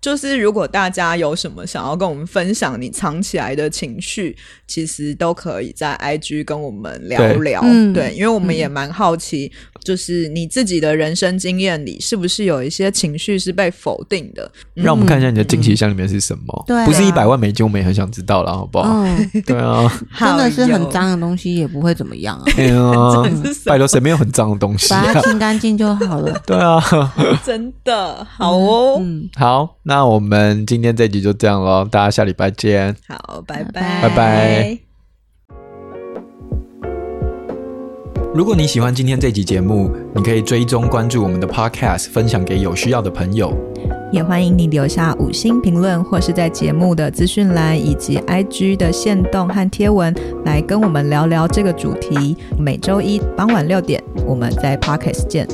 就是如果大家有什麼想要跟我們分享，你藏起來的情緒，其實都可以在 IG 跟我們聊聊。對，因為我們也蠻好奇，就是你自己的人生經驗裡，是不是有一些情緒是被否定的？讓我們看
一下你的驚奇箱裡面是什麼。對，不是一百萬美金，我們也很想知道啦，好不好？對啊，
真的是很髒的東西，也不會怎麼樣啊。哎呀，
拜託，誰沒有很髒的東西，把它清
乾淨就好了。
對啊，
真的
好哦。
嗯，
好。那我們今天這集就這樣嘍，大家下禮拜見。好，拜拜，拜拜。如果你喜歡今天這集節目，你可以追蹤關注我們的 podcast，分享給有需要的朋友。
也歡迎你留下五星評論，或是在節目的資訊欄以及 IG 的限動和貼文，來跟我們聊聊這個主題。每周一傍晚六點，我們在 podcast 見。